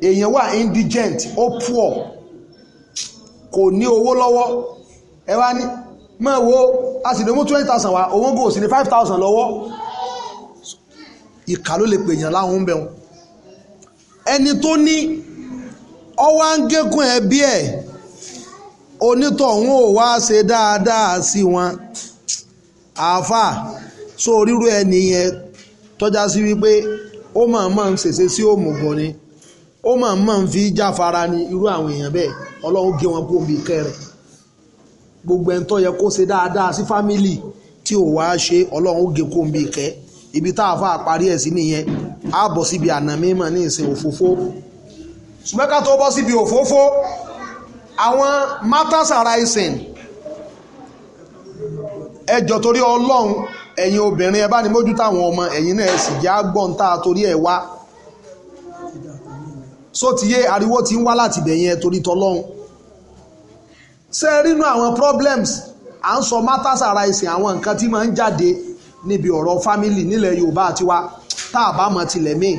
èèyàn wà indigent ó poor kò ní owó lọ́wọ́ ẹ wá ní mọ̀ wo a sì lè mú twenty thousand wá òun gò sí ní five thousand lọ́wọ́ ìkà ló lè pè èèyàn láwọn ń bẹ̀ wọn ẹni tó ní ọwọ́ ń gẹ́kùn ẹbí ẹ̀ onítọ̀hún ò wá ṣe dáadáa sí wọn àáfàá sóoríru ẹni yẹn tọ́já sí wípé ó mọ̀ọ́mọ̀ ń ṣèṣe sí òmùgọ̀ ni ó máa máa ń fi jáfara ní irú àwọn èèyàn bẹ́ẹ̀ ọlọ́run gé wọn kó omi kẹrẹ̀ gbogbo ẹni tó yẹ kó ṣe dáadáa sí fámìlì tí ò wá ṣe ọlọ́run ó gé kó omi kẹ́ ibi tá a fà parí ẹ̀ sí nìyẹn á bọ̀ síbi àná mímọ̀ ní ìsìn òfófó ṣùgbọ́n ká tó bọ́ síbi òfófó àwọn matters arising ẹjọ́ torí ọlọ́run ẹ̀yin obìnrin ẹ bá ní mójú táwọn ọmọ ẹ̀yin náà sì já gbọ́n tá a torí ẹ̀ wá só ti yé ariwo ti ń wá láti bẹ̀yẹn torí tọlọ́hún ṣe rínú àwọn problems à ń sọ matters arising àwọn nǹkan tí máa ń jáde níbi ọ̀rọ̀ family nílẹ̀ Yorùbá àti wa tá a bá mọ̀ tilẹ̀ míì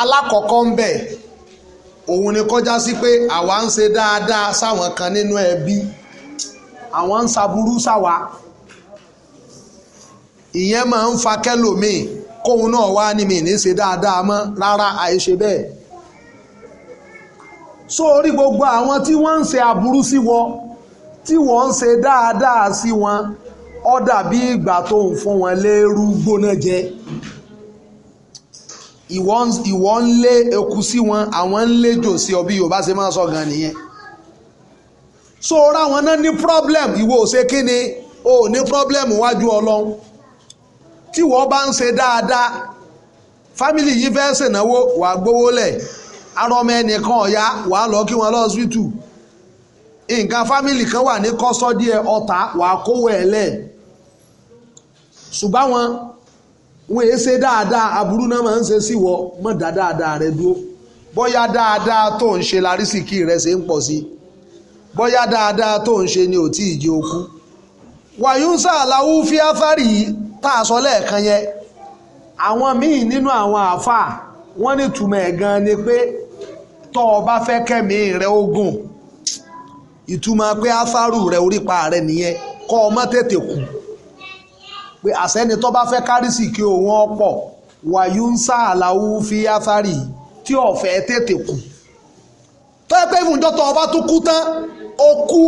alákọ̀ọ́kọ́ ń bẹ̀ òun ni kọjá sí pé àwa ń ṣe dáadáa sáwọn kan nínú ẹbí àwọn ń ṣaburú sáwa ìyẹn máa ń fa kẹ́lòmíì kóun náà wá ní mi ní ṣe dáadáa mọ́ rárá àìṣe bẹ́ẹ̀ so orí gbogbo àwọn tí wọ́n ń ṣe aburú sí wọ tí wọ́n ń ṣe dáadáa sí wọn ó dàbí ìgbà tó ń fún wọn léèrú gbóná jẹ ìwọ ń lé eku sí wọn àwọn ń lé jò sí ọ Yorùbá ṣe máa sọ gan nìyẹn so ra wọn náà ní problem ìwọ ò ṣe kíni o ò ní problem wájú Ọlọ́run tí wọ́n bá ń ṣe dáadáa fámìlì yìí fẹ́ ṣènáwó wàá gbowó lẹ̀ arọ ọmọ ẹnìkan ọ̀ya wàá lọ kí wọn lọ síìtù nǹkan fámìlì kan wà ní kọ́sọ́dí ẹ ọ̀tá wàá kówó ẹ̀ lẹ̀ ṣùgbọ́n wọn wọn èé ṣe dáadáa aburú náà máa ń ṣe sí wọ mọ̀ dá dáadáa rẹ dúró bóyá dáadáa tó ń ṣe lárísìkí rẹ ṣe ń pọ̀ sí bóyá dáadáa tó ń ṣe ni ò tí ì jẹ okú wàyúnsà aláwú fíafárì tá a sọ lẹ́ẹ̀kan yẹn àwọn míì nínú àwọn àáfàá wọ́n ní ìtumọ̀ ẹ̀ gan ni pé tọ́ ọ bá fẹ́ kẹ́mi rẹ ogun ìtumọ̀ pé áfárù rẹ orípa rẹ nìyẹn kọ́ ọ mọ́ tètè kù pé àsẹ́ni tó bá fẹ́ kárìsì kí òun ọ̀pọ̀ wàyú ń sá àlàó fi áfárì tí ọ̀fẹ́ tètè kù tó yẹ pé ìfúnjọ́ tó ọba tó kú tán ó kú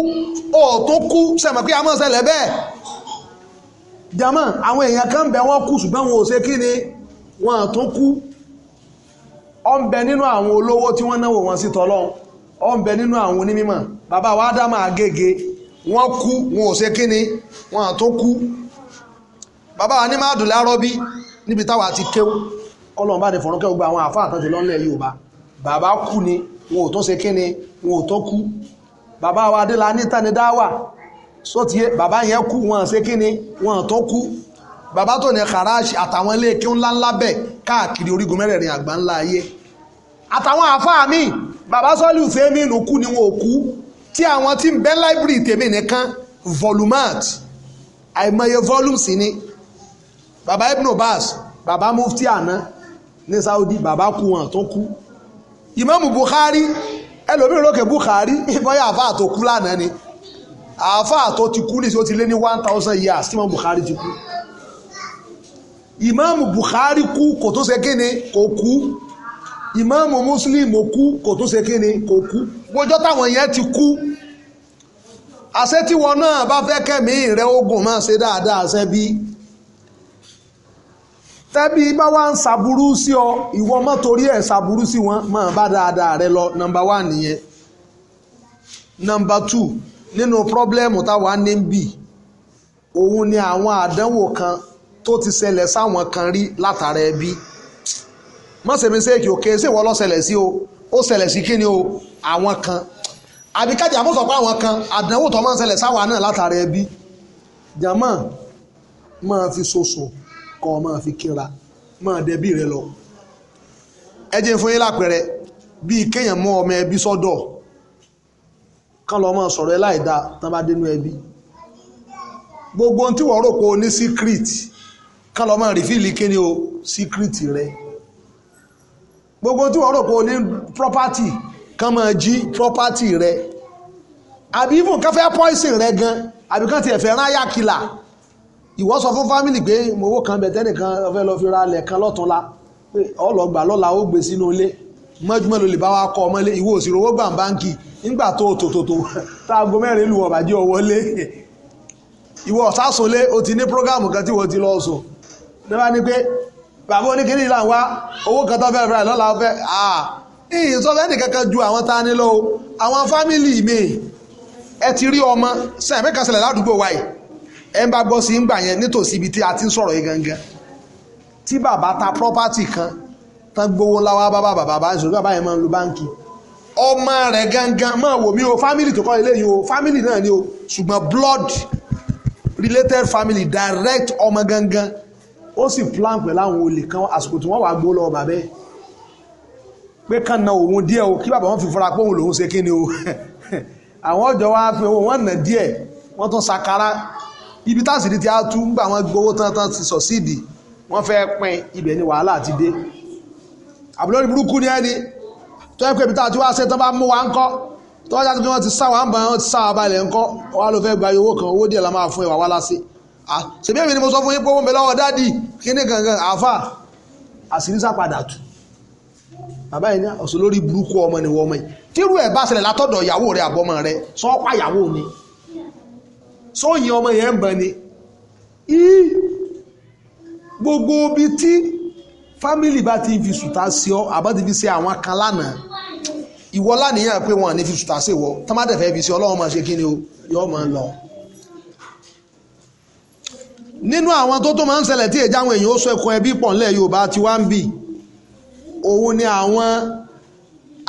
ó tó kú sẹ̀mọ̀ pé a mọ̀ ṣẹlẹ̀ bẹ́ẹ̀ jàmọ́ àwọn èèyàn kan bẹ̀ wọ́n kú ṣùgbọ́n wọn ò ṣe kí ni wọn àtún kú ọ ń bẹ nínú àwọn olówó tí wọ́n náwó wọn sí tọ́lọ́n ọ ń bẹ nínú àwọn onímọ̀ bàbá wa Ádámù Àgégé wọ́n kú wọn ò ṣe kíni wọn àtó kú bàbá wa ní má dùn lárọ́ bí níbi táwa ti kéwú kọ́lọ́n bá ní fọ̀rọ̀ kẹ́wọ́ gba àwọn àfáà àtàtì lọ́nlẹ̀ Yorùbá bàbá kú ni wọn ò tó ṣe kíni wọn ò tó kú bàbá wa Adélaní Tánidáwà sótìyé bàbá yẹn kú wọn ṣe kíni wọn àtó kú bàbá tó ní kàráàṣì àtàwọn ilé kí ńlá ńlá bẹ̀ káàkiri orígun mẹ́rẹ̀ẹ̀rin àgbà ńlá ayé àtàwọn àáfàá mi bàbá sọ́lù fẹ́mi ìlú kú ni wọn ò kú tí àwọn tí ń bẹ láìbírì tèmi nìkan volumat àìmọye volumes ni bàbá Ibn bàbá mufti àná ní Saudi bàbá kú wọn tó kú Imam Bukhari ẹlòmíràn lókè Bukhari ìbọyá àáfàá tó kú lánàá ni àáfàá tó ti kú ní sí ti lé ní one thousand years tí Imam Bukhari ti kú ìmáàmù Bukhari kú kò tó ṣe kíni kò kú ìmáàmù Muslim kú kò tó ṣe kíni kò kú gbọ́jọ́ táwọn yẹn ti kú àṣẹ tí wọn náà bá fẹ́ kẹ́mi rẹ ogun máa ṣe dáadáa àṣẹ bí tẹ́bí bá wá ń ṣàbúrú sí ọ ìwọ má torí ẹ̀ ṣàbúrú sí wọn máa bá dáadáa rẹ lọ nọmba wá nìyẹn nọmba tù nínú pírọ́blẹ́mù táwa ní bì òun ni àwọn àdánwò kan tó ti ṣẹlẹ̀ sáwọn kan rí látara ẹbí má ṣe mistake òkè ṣèwọ́ ló ṣẹlẹ̀ sí o ó ṣẹlẹ̀ sí kí ni o àwọn kan àbíkájà àmọ́sọ̀ pé àwọn kan àdánwò tó máa ń ṣẹlẹ̀ sáwọn náà látara ẹbí jàmọ́ máa fi ṣoṣo kọ́ máa fi kíra máa dẹbí rẹ lọ ẹ jẹ́ fún yín lápẹẹrẹ bíi kéèyàn mọ́ ọmọ ẹbí sọ́dọ̀ kán lọ máa sọ̀rọ̀ ẹ láì dáa tán bá dénú ẹbí gbogbo ohun tí wọ́n rò pé o ní secret ká lọ máa rìfíìlì kíni o síkírìtì rẹ gbogbo tí wọ́n rò pé o ní property kán máa jí property rẹ àbí even kán fẹ́ poison rẹ gan àbí kán tiẹ̀ fẹ́ ráyà kìlà ìwọ sọ fún fámìlì pé owó kan bẹ̀ tẹ́nìkan fẹ́ lọ fi ra alẹ̀ kan lọ́túnla pé ọlọ́gbà lọ́la ó gbé sínú ilé mọ́júmọ́ ló lè bá wa kọ́ ọmọlé ìwọ òsèrè owó gbà báńkì nígbà tó tòtòtò [LAUGHS] táago mẹ́rin lù wọ́n bàjẹ́ ìwọ ọ̀sásọ̀lé o ti ní prógáàmù kan tí wọ́n ti lọ ní wọ́n á ní pé bàbá oníkìní là ń wá owó kan tó fẹ́ ra lọ́la ọ̀fẹ́ ah, ìyìn sọ fẹ́ nìkankan ju àwọn tá a ní lọ o àwọn fámìlì mi ẹ ti rí ọmọ sẹ́yìn mẹ́kan ṣẹlẹ̀ ládùúgbò wa yìí ẹ ń bá gbọ́ sí ń gbà yẹn nítòsí ibi tí a ti ń sọ̀rọ̀ yìí gangan tí bàbá ta property kan tán gbowó ńlá wá bàbá bàbá bá ń sọ bàbá yẹn máa ń lo báńkì ọmọ rẹ̀ gangan máa wò mí o family tó kọ́ ilé yìí o family náà ni o ṣùgbọ́n blood related family direct ọmọ gangan ó sì plan pẹ̀lú àwọn olè kan àsìkò tí wọ́n wà gbó lọ bàbẹ́ pé kàn na òun díẹ̀ o kí bàbá wọn fi fura pé òun lòun ṣe kí ni o [LAUGHS] àwọn ọjọ́ wa fi owó wọn nà díẹ̀ wọ́n tún sakara ibi tásìrì tí a tú nígbà wọn gbowó tán tán ti sọ̀sídìí wọ́n fẹ́ pín ibẹ̀ ni wàhálà ti dé àbúlọ́rí burúkú ni ẹni tó ẹ́ pé ibi tá a ti wá ṣe tán bá mú wa ń kọ́ tó wájú àti bí wọ́n ti sá wa ń bá wọn ti sá wa balẹ̀ ń Ah, ṣèbí èmi ni mo sọ fún yín pé wọ́n mi lọ́wọ́ dádì kíní kankan àáfà àṣírí sàpadà tù bàbá yìí ní ọ̀sán lórí burúkú ọmọ ni wọ́n mọ̀ yìí tírú ẹ̀ bá ṣẹlẹ̀ látọ̀dọ̀ ìyàwó rẹ̀ àbọ̀mọ̀ rẹ̀ sọ́ọ́pá ìyàwó ni sóyìn ọmọ yẹn ń bọ̀ ni gbogbo ibi tí fámìlì bá ti fi sùtà sí ọ àbá ti fi ṣe àwọn kan lánàá ìwọ lánìyàn pé wọn à ní fi sùtà sí ìwọ tọ́mádẹ̀fẹ́ fi ṣe ọlọ́wọ́ nínú àwọn tó tó máa ń ṣẹlẹ̀ tí èjì àwọn èèyàn ó sọ ẹkùn ẹbí pọ̀ nílẹ̀ Yorùbá ti wá ń bì òun ni àwọn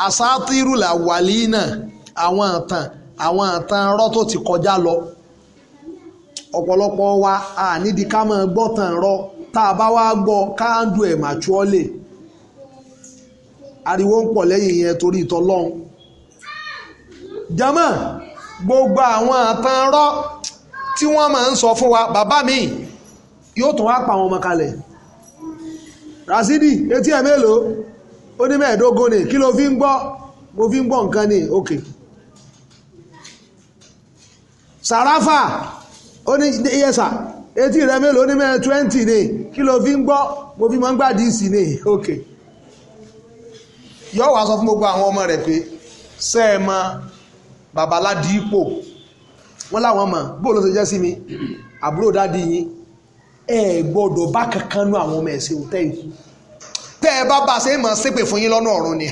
asátírùlà wàlí náà àwọn àtàn àwọn àtàn ọ̀rọ̀ tó ti kọjá lọ ọ̀pọ̀lọpọ̀ wa a nídìí ká máa gbọ́ tàn rọ tá a bá wá gbọ́ ká ń du ẹ̀ màtúọ́lè ariwo ń pọ̀ lẹ́yìn yẹn torí ìtọ́lọ́hún jama gbogbo àwọn àtàn rọ tí wọ́n máa ń sọ fún wa bàbá mi yóò tún wá pa àwọn ọmọ kalẹ̀ Rasidi etí ẹ̀ mélòó ó ní mẹ́ẹ̀ẹ́dógún ni kí ló fi ń gbọ́ mo fi ń gbọ́ nǹkan ni òkè Sàráfà ó ní iyẹsà etí rẹ mélòó ní mẹ́ẹ̀ẹ́ twenty ni kí ló fi ń gbọ́ mo fi máa ń gbàdí sí ni òkè yóò wá sọ fún gbogbo àwọn ọmọ rẹ̀ pé sẹ́ẹ̀mọ babaládìípò wọ́n láwọn mọ̀ bóòlù tó jẹ́ sí mi àbúrò dádì yín ẹ gbọ́dọ̀ bá kankan nú àwọn ọmọ ẹ̀sìn òtẹ́ ikú tẹ́ ẹ bá bá ṣe é máa ṣépè fún yín lọ́nà ọ̀run ni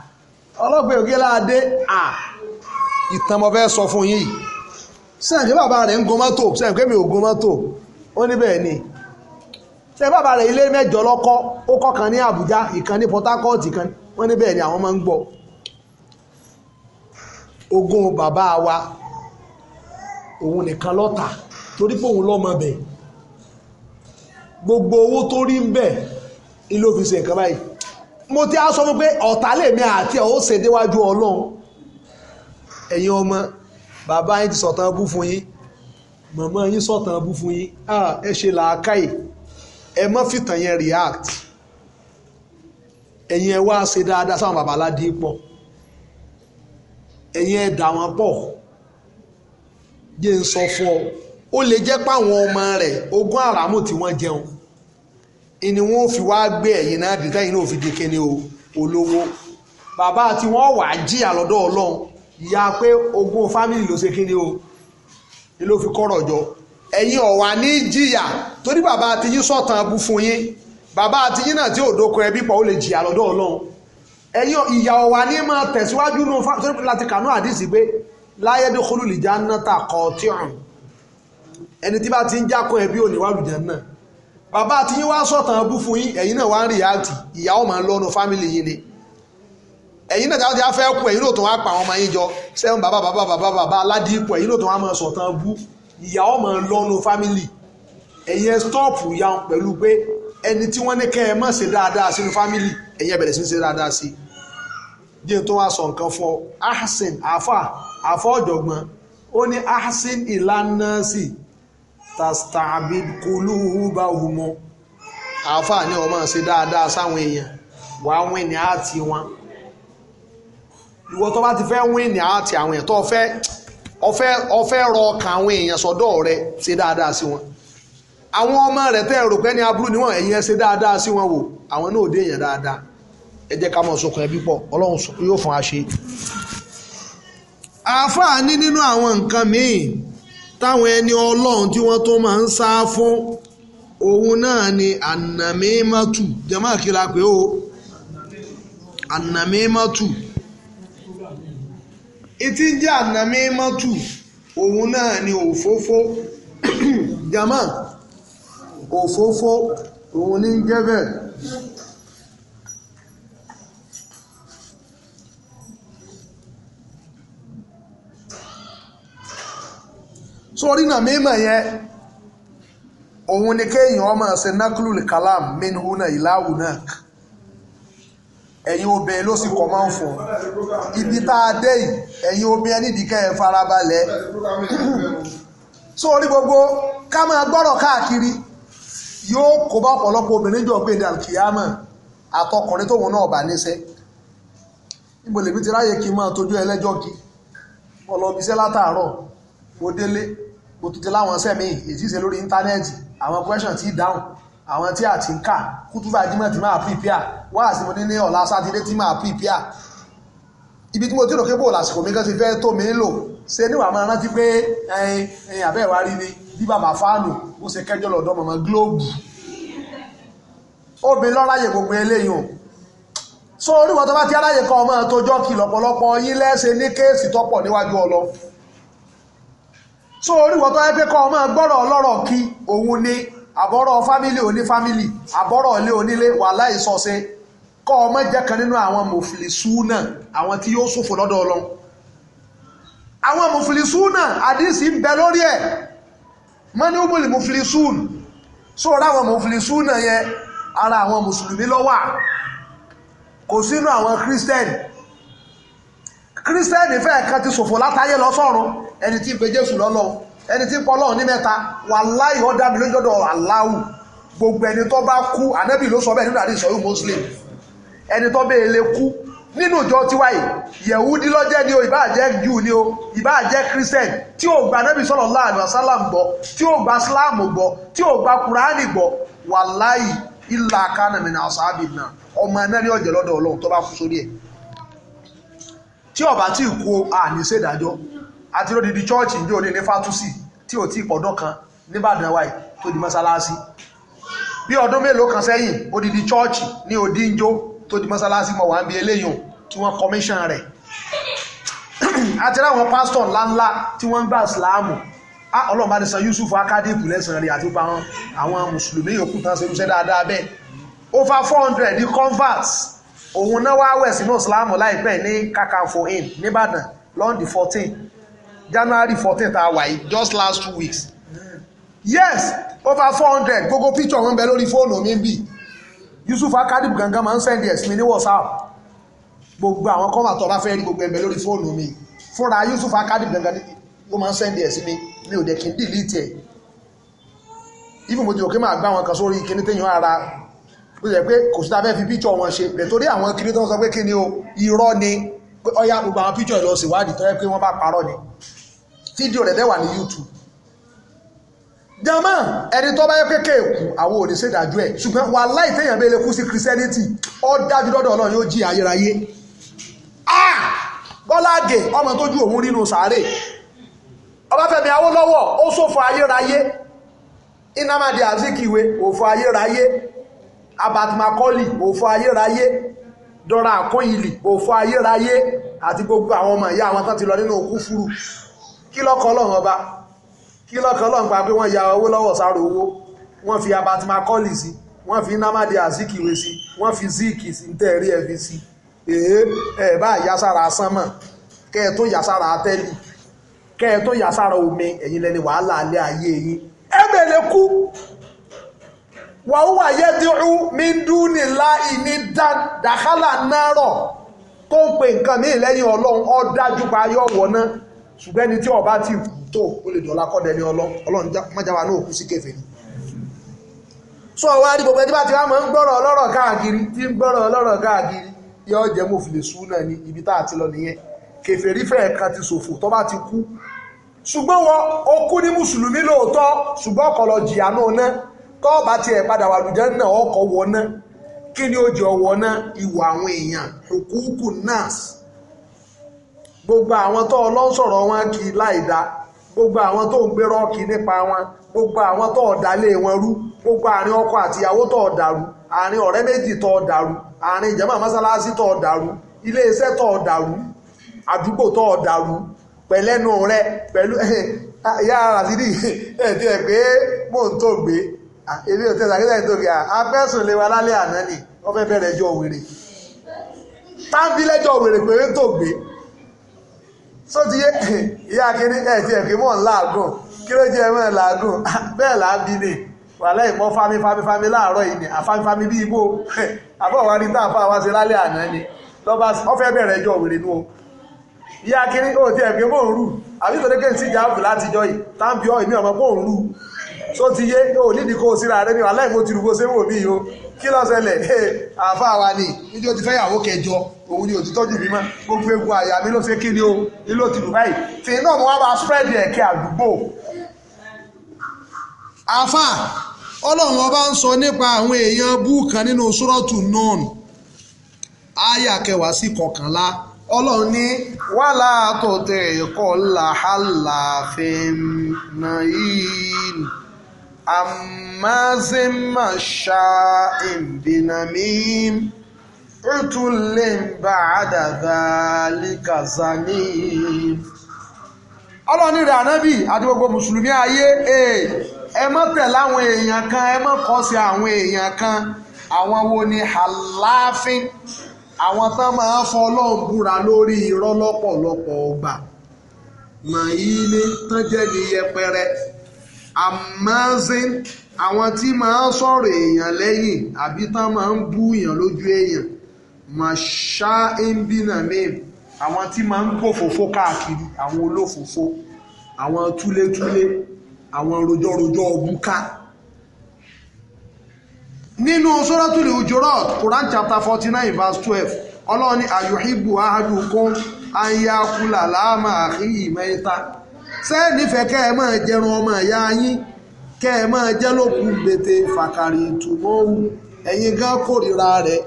[LAUGHS] ọlọ́pàá òkè láadé ìtàn mo fẹ́ sọ fún yín yìí sẹ́yìn pé bàbá rẹ̀ ń gun mọ́tò sẹ́yìn pé mi ò gun mọ́tò ó ní bẹ́ẹ̀ ni sẹ́yìn bàbá rẹ̀ ilé mẹ́jọ lọ́kọ́ ó kọ́ kan ní Àbújá ìkan ní Port Harcourt ìkan wọ́n ní bẹ́ẹ̀ ni àwọn máa ń gbọ́ ogún bàbá wa òun nìkan lọ́ta torí pé òun lọ́mọ bẹ́ẹ̀ gbogbo owó tó rí ń bẹ̀ ilé òfin ṣe nǹkan báyìí mo ti á sọ fún pé ọ̀tá lèmi àti ọ̀ ó ṣe déwájú ọlọ́run ẹ̀yin ọmọ bàbá yín ti sọ̀tàn bú fún yín màmá yín sọ̀tàn bú fún yín ẹ ṣe làákàyè ẹ má fìtàn yẹn react ẹ̀yin ẹ wá ṣe dáadáa sáwọn bàbá aládé pọ̀ ẹ̀yin ẹ dà wọ́n pọ̀ yé ń sọ fún ọ ó lè jẹ́ páwọn ọmọ rẹ̀ ogún àràmù tí wọ́n jẹun ni wọ́n fi wá gbé ẹ̀yìn náà dìtẹ́ yìí náà fi di kíni olówó bàbá tí wọ́n wà á jìyà lọ́dọ̀ ọlọ́run ìyá pé ogún fámìlì ló ṣe kíni o ni ló fi kọ́rọ̀ jọ ẹ̀yin ọ̀wà ní jìyà torí bàbá tí yín sọ̀tàn abú fún yín bàbá tí yín náà tí ò dóko ẹbí pọ̀ ó lè jìyà lọ́dọ̀ ọlọ́run ẹ̀yin ìyà ọ̀wà ní máa tẹ̀síwájú nù fámìlì láti kànú àdìsí pé láyé dókòlù lìjà ń ná ta kọ́ tí ọ̀hún ẹni tí bá ti ń jákọ́ ẹbí ò ní wà lùjẹ́ náà bàbá àti yín wá sọ̀tàn abú fún yín ẹ̀yin náà wá ń rìáàtì ìyàwó máa ń lọ́nu fámìlì yín ni ẹ̀yin náà táwọn ti fẹ́ kú ẹ̀yin náà tó wá pa àwọn ọmọ yín jọ sẹ́wọ̀n bàbá bàbá bàbá bàbá aládìí ipò ẹ̀yin náà tó wá máa sọ̀tàn abú ìyàwó máa ń lọ́nu fámìlì ẹ̀yin stọ́ọ̀pù ya pẹ̀lú pé ẹni tí wọ́n ní kẹ́ ẹ má ṣe dáadáa sínú fámìlì ẹ̀yin bẹ̀rẹ̀ sí ṣe dáadáa sí i díẹ̀ tó wá sọ nǹkan fún ọ ahsin àfà àfọ́ ọ̀jọ̀gbọ́n ó ní ahsin ìlànà sí i tastabid humo. àáfàá ni ọmọ ṣe dáadáa sáwọn èèyàn wà á wìn ní àti wọn ìwọ tó bá ti fẹ́ wìn ní àti àwọn èèyàn tó fẹ́ ọfẹ́ ọfẹ́ rọ ọkàn àwọn èèyàn sọ́dọ̀ rẹ ṣe dáadáa sí wọn àwọn ọmọ rẹ tẹ́ rò pé ní aburú níwọ̀n ẹ̀yin ẹ ṣe dáadáa sí wọn wò àwọn náà dé èèyàn dáadáa ẹ jẹ́ ká mọ̀ sọkùn ẹbí pọ̀ ọlọ́run yóò fún wa ṣe àáfàá ni nínú àwọn nǹkan míì táwọn ẹni ọlọ́run tí wọ́n tó máa ń sá fún òun náà ni ànàmímọ́tù jẹ́mọ́ kíra pé o ànàmímọ́tù ìtí jẹ́ ànàmímọ́tù òun náà ni òfófó [COUGHS] jẹ́mọ́ òfófó òun ní jẹ́ sórí na mímọ̀ yẹn òun ni kéèyàn ọmọ ṣe náklul kalam minhuna ìlàwù náà ẹ̀yin obìnrin ló sì kọ́ máa ń fún ibi tá a dé yìí ẹ̀yin obìnrin nídìí ẹ gbogbo ká máa gbọ́rọ̀ káàkiri yóò kó bá ọ̀pọ̀lọpọ̀ obìnrin jọ gbé àtọkùnrin tóun náà ti ráyè kí n máa tójú ó tún ti láwọn sẹ́mi èsìse lórí íńtánẹ́ẹ̀tì àwọn question tí dáhùn àwọn tí a ti ń kà kútúbà jímọ̀ tí máa pìpíà wá sí mo ní ní ọ̀la sátidé tí máa pìpíà ibi tí mo tí lókè bò lásìkò mi kan ti fẹ́ tó mi lò ṣe níwà máa rántí pé ẹyin ẹyin àbẹ́ ìwà rí ni bí bàbá fáànù ó ṣe kẹjọ lọ́dọ̀ mọ̀mọ́ gílóòbù obìnrin lọ́ráyè gbogbo eléyìí o so orí wọn tó bá ti aráyè kan ọmọ tó jọ́ kí lọ́pọ̀lọpọ̀ yín lẹ́sẹ̀ ní kéèsì tọ́pọ̀ níwájú ọlọ́ọ̀ so oríwọ̀ tó yẹ pé kọ́ ọmọ gbọ́rọ̀ ọlọ́rọ̀ kí òun ni àbọ̀rọ̀ fámìlì òní fámìlì àbọ̀rọ̀ ilé onílé wà láì sọ̀se kọ́ ọmọ jẹ́ kan nínú àwọn mùfìlìsú náà àwọn tí yóò ṣòfò lọ́dọ̀ ọlọ́run àwọn mùfìlìsú náà àdìsí ń bẹ lórí ẹ̀ mọ́níwùmùlì mùfìlìsú so ráwọn mùfìlìsú náà yẹ ara àwọn mùsùlùmí ló wà kò sínú àwọn kírísítẹ́nì kírísítẹ́nì fẹ́ẹ̀ kan ti ṣòfò látayé lọ sọ́run ẹni tí ń pe jésù lọ́lọ́ ẹni tí ń pọ́ lọ́run ní mẹ́ta wàláhì ó dá mi lójọ́dọ̀ aláwù gbogbo ẹni tó bá kú ànábì ló sọ bẹ́ẹ̀ nínú àdìsọ yóò muslim ẹni tó bẹ́ẹ̀ lè kú nínú ìjọ tiwa yìí yẹ̀wúdí lọ́jẹ́ ni o ìbá jẹ́ jù ni o ìbá jẹ́ kírísítẹ́nì tí ò gba ànábì sallallahu alaihi wasallam gbọ́ tí ò gba síláàmù gbọ́ tí ò gba kùránì gbọ́ wàláhì ìlà kánàmì náà sábì náà ọmọ ẹ̀nẹ́ni ọ̀jẹ̀ lọ́dọ̀ ọlọ́run tó bá kú sórí ẹ̀ tí ọba tí ì kú àní ṣèdájọ́ àti lódìdí chọ́ọ̀chì ní òní ní fátúsì tí ò tí ì pọ̀dún kan nìbàdàn wáyé tó di mọ́sálásí bí ọdún mélòó kan sẹ́yìn odidi chọ́ọ̀chì ní odíńjó tó di mọ́sálásí mọ̀ wá ń bi eléyìí tí wọ́n kọmíṣàn rẹ̀ àti láwọn pásítọ̀ ńláńlá tí wọ́n ń gbà síláàmù ọlọ́run bá ní san Yusuf akadiku lẹ́sàn-án rẹ̀ àti àwọn mùsùlùmí yòókù tán ṣe rúṣẹ́ dáadáa bẹ́ẹ̀ over four hundred ní converts òun náà wá wẹ̀ sínú ìsìláàmù láìpẹ́ ní kakanfo inn nìbàdàn lọ́ndì fourteen january 14th. a wà yìí just last two weeks yes over 400. hundred gbogbo picture wọn bẹ lórí fóònù mi bì yusuf akadib gangan máa ń send yes mi ní whatsapp gbogbo àwọn kọ́mà tó bá fẹ́ rí gbogbo ẹ̀bẹ̀ lórí fóònù mi fúnra yusuf akadib gangan ó máa ń send yes mi mi ò dẹ̀ kí n delete ẹ̀ even mo ti rò kí máa gbá wọn kan sórí kíní téèyàn ara ó yẹ pé kò sí abẹ́ fi píchọ̀ wọn ṣe bẹ̀ torí àwọn kiri tó ń sọ pé kí ni o irọ́ ni pé ọyá gbogbo àwọn píchọ̀ ìlọ síwádìí tó yẹ pé wọ́n bá parọ́ ni fídíò rẹ̀ dẹ́wà ní YouTube jama ẹni tó bá yẹ pé kéèkù àwọn ò ní ṣèdájú ẹ̀ ṣùgbọ́n wà láì téèyàn bẹ́ẹ̀ lè kú sí Christianity ó dájú lọ́dọ̀ Ọlọ́run yóò jí ayérayé ah! bọ́láàgè ọmọ tó ju òun nínú sàárè Ọbáfẹ́mi Awólọ́wọ̀ ó ṣòfò ayérayé inamadi azikiwe òfò ayérayé Abat Macaulay òfò ayérayé Dora Akonyili òfò ayérayé àti gbogbo àwọn ọmọ ìyá àwọn kan ti lọ nínú òkú fúru kí lọ́kọ̀ ọba kí lọ́kọ̀ ọlọ́run pa ya owó lọ́wọ́ sáró owó wọ́n fi Abat Macaulay sí wọ́n fi Nnamdi Azikiwe sí wọ́n fi Zik sí ń tẹ̀rí ẹ̀ fi sí èé ẹ̀ bá yà sára sánmọ̀ wàhálà alẹ́ ayé yín ẹ̀ bẹ̀rẹ̀ kú wàhùwà yẹ́dìrú ìní dàkálà nárọ̀ tó ń pe nǹkan míì lẹ́yìn ọlọ́run ọ dájú pa ayọ́ wọ̀ ṣùgbọ́n tí ọba ti tó lè dọ̀la kọ́dẹ ní ọlọ́run náà kú sí kẹfẹ́ ni. sọ wá rí gbogbo ẹni bá ti wá máa ń gbọ́rọ̀ ọlọ́rọ̀ káàkiri ń káàkiri jẹ́ lè sùn náà ní ibi tá a ti lọ nìyẹn kan ti tọ́ọ̀bá tiẹ̀ padà wà lùjẹ́ náà ọkọ̀ wọná kí ni ó jẹ́ ọwọ́ ìwà àwọn èèyàn hukuku nas gbogbo àwọn tó ọlọ́sọ̀rọ̀ wọn kì í láìda gbogbo àwọn tó ń gbé rọ́ọ̀kì nípa wọn gbogbo àwọn tó ọ̀dálé wọn rú gbogbo àárín ọkọ àtìyàwó tó àárín ọ̀rẹ́ méjì tó àárín mọ́sálásí tó ilé iṣẹ́ tó àdúgbò [LAUGHS] [LAUGHS] èmi ò tẹ̀sán kíkẹ́ tó kíá abẹ́sùn lè wa lálẹ́ àná ni wọ́n fẹ́ bẹ̀rẹ̀ ẹjọ́ wèrè tábí lẹ́jọ́ wèrè pé tó gbé só ti yé ìyá kínní ẹ̀ ti ẹ̀ kí mọ̀ ń làágùn kí ló jẹ́ mọ̀ ń làágùn [LAUGHS] bẹ́ẹ̀ làábí ni wàhálà ìmọ̀ fami fami fami láàárọ̀ yìí ni àfami fami bí ibo [LAUGHS] àbọ̀wá ní tá àfa wa ṣe lálẹ́ àná ni lọ́ba wọ́n fẹ́ bẹ̀rẹ̀ ẹjọ́ wèrè nú o ìyá kínní ó ti ẹ̀ kí mọ̀ ń rù àbí tòdékè ń sì jáàbù látijọ́ yìí táǹbì ọ̀ ìmí ọ̀mọ́ bó ń rù tó ti yé o nídìí kó o síra rẹ mi wà láì mo ti rúgbó sẹ́wọ̀n mi o kí ló ṣẹlẹ̀ àfa wa ni níbi ó ti fẹ́ yàwó kẹjọ òun ni òtítọ́ jù mí mọ́ gbogbo egun àyà mi ló ṣe kí ni o ilé òtí dùn báyìí tí náà mo wá máa spread ẹ̀kẹ́ àdúgbò. àfa ọlọ́run ọba ń sọ nípa àwọn èèyàn búùkan nínú sọ́rọ́tù nọ́ọ̀nù áyà kẹwàá sí kọkànlá ọlọ́run ní wàhálà tó tẹ̀ ẹ̀kọ́ làhálà fẹ́ẹ́ náà yìí. عماز مشاء بنميم عتل بعد ذلك زنيم ọlọ́ni rẹ̀ ànábì àti gbogbo mùsùlùmí ayé ẹ má tẹ̀lé àwọn èèyàn kan ẹ má kọ́ sí àwọn èèyàn kan àwọn wo ni àláfin àwọn tán máa ń fọ búra lórí irọ́ lọ́pọ̀lọpọ̀ ọgbà màá yí ilé tán jẹ́ ní yẹpẹrẹ àmọ́sìn àwọn tí máa ń sọ̀rọ̀ èèyàn lẹ́yìn àbí tán máa ń bú èèyàn lójú èèyàn màṣá ń bínà mẹ́rin àwọn tí máa ń gbòfófó káàkiri àwọn olófófó àwọn túlétúlé àwọn rojọ́rojọ́ ọbúká nínú suratul Hujurat Quran chapter forty nine verse twelve ọlọ́run ní ayuhibbu ahadukum an yakula lahma akhihi mayta sẹ́ẹ̀nífẹ̀ẹ́ kẹ́ ẹ máa jẹrun ọmọ ìyá yín kẹ́ ẹ máa jẹ́ lókun bètè fàkàrì ìtumọ̀ ohun ẹ̀yin gan kórìíra rẹ̀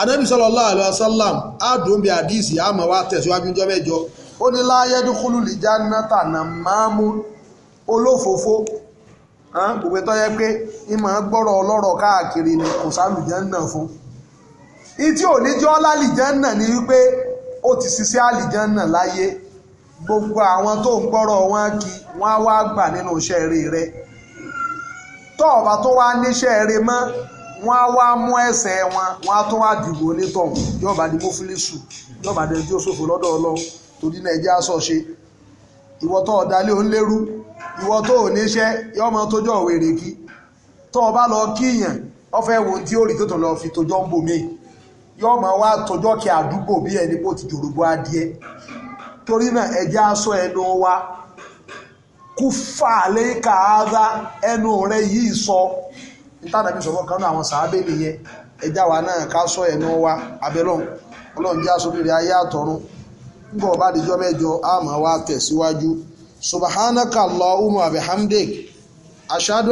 anabi sallallahu alaihi wasallam adùn bí àdìsí àmọ́ wa tẹ̀síwájú jọ ó ní lè já nà olófòfó gbogbo tó yẹ pé fún ìtí òní jọ́ ni wípé ó ti ṣiṣẹ́ gbogbo àwọn tó ń gbọ́rọ̀ wọn kí wọ́n á wá gbà nínú iṣẹ́ eré rẹ tó ọba tó wá níṣẹ́ eré mọ́ wọ́n á wá mú ẹsẹ̀ wọn wọ́n á tó wá dìbò onítọ̀hún yọba di mọ́fílísù yọba di ojú òṣòfò lọ́dọ̀ ọlọ́run torí nàìjíríà sọ ṣe ìwọ tó ọ̀dà lé òun lérú ìwọ tó ò níṣẹ́ yọmọ tójọ́ òwèrè kí tó ọba lọ kíyàn ọfẹ́ wo tí ó rí tó tó lọ fi tójọ́ ń bòmíì yọmọ wá tójọ́ kí àdúgbò bí ẹni bó ti jòrògbó adìẹ torí náà ẹ̀jẹ̀ aṣọ ẹnu wa kú fà agha ẹnu rẹ yìí sọ nítàdàbí sọ̀rọ̀ kan náà àwọn sàábé nìyẹn wa náà ká sọ ẹnu wa abẹ́lọ́n ọlọ́run jẹ́ aṣọ ya ayé àtọ̀run nígbà ọba àdìjọ́ mẹ́jọ àmọ́ wa ashadu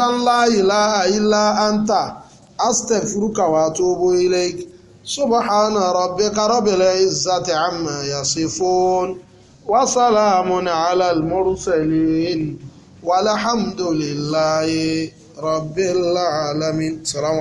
وسلام على المرسلين والحمد لله رب العالمين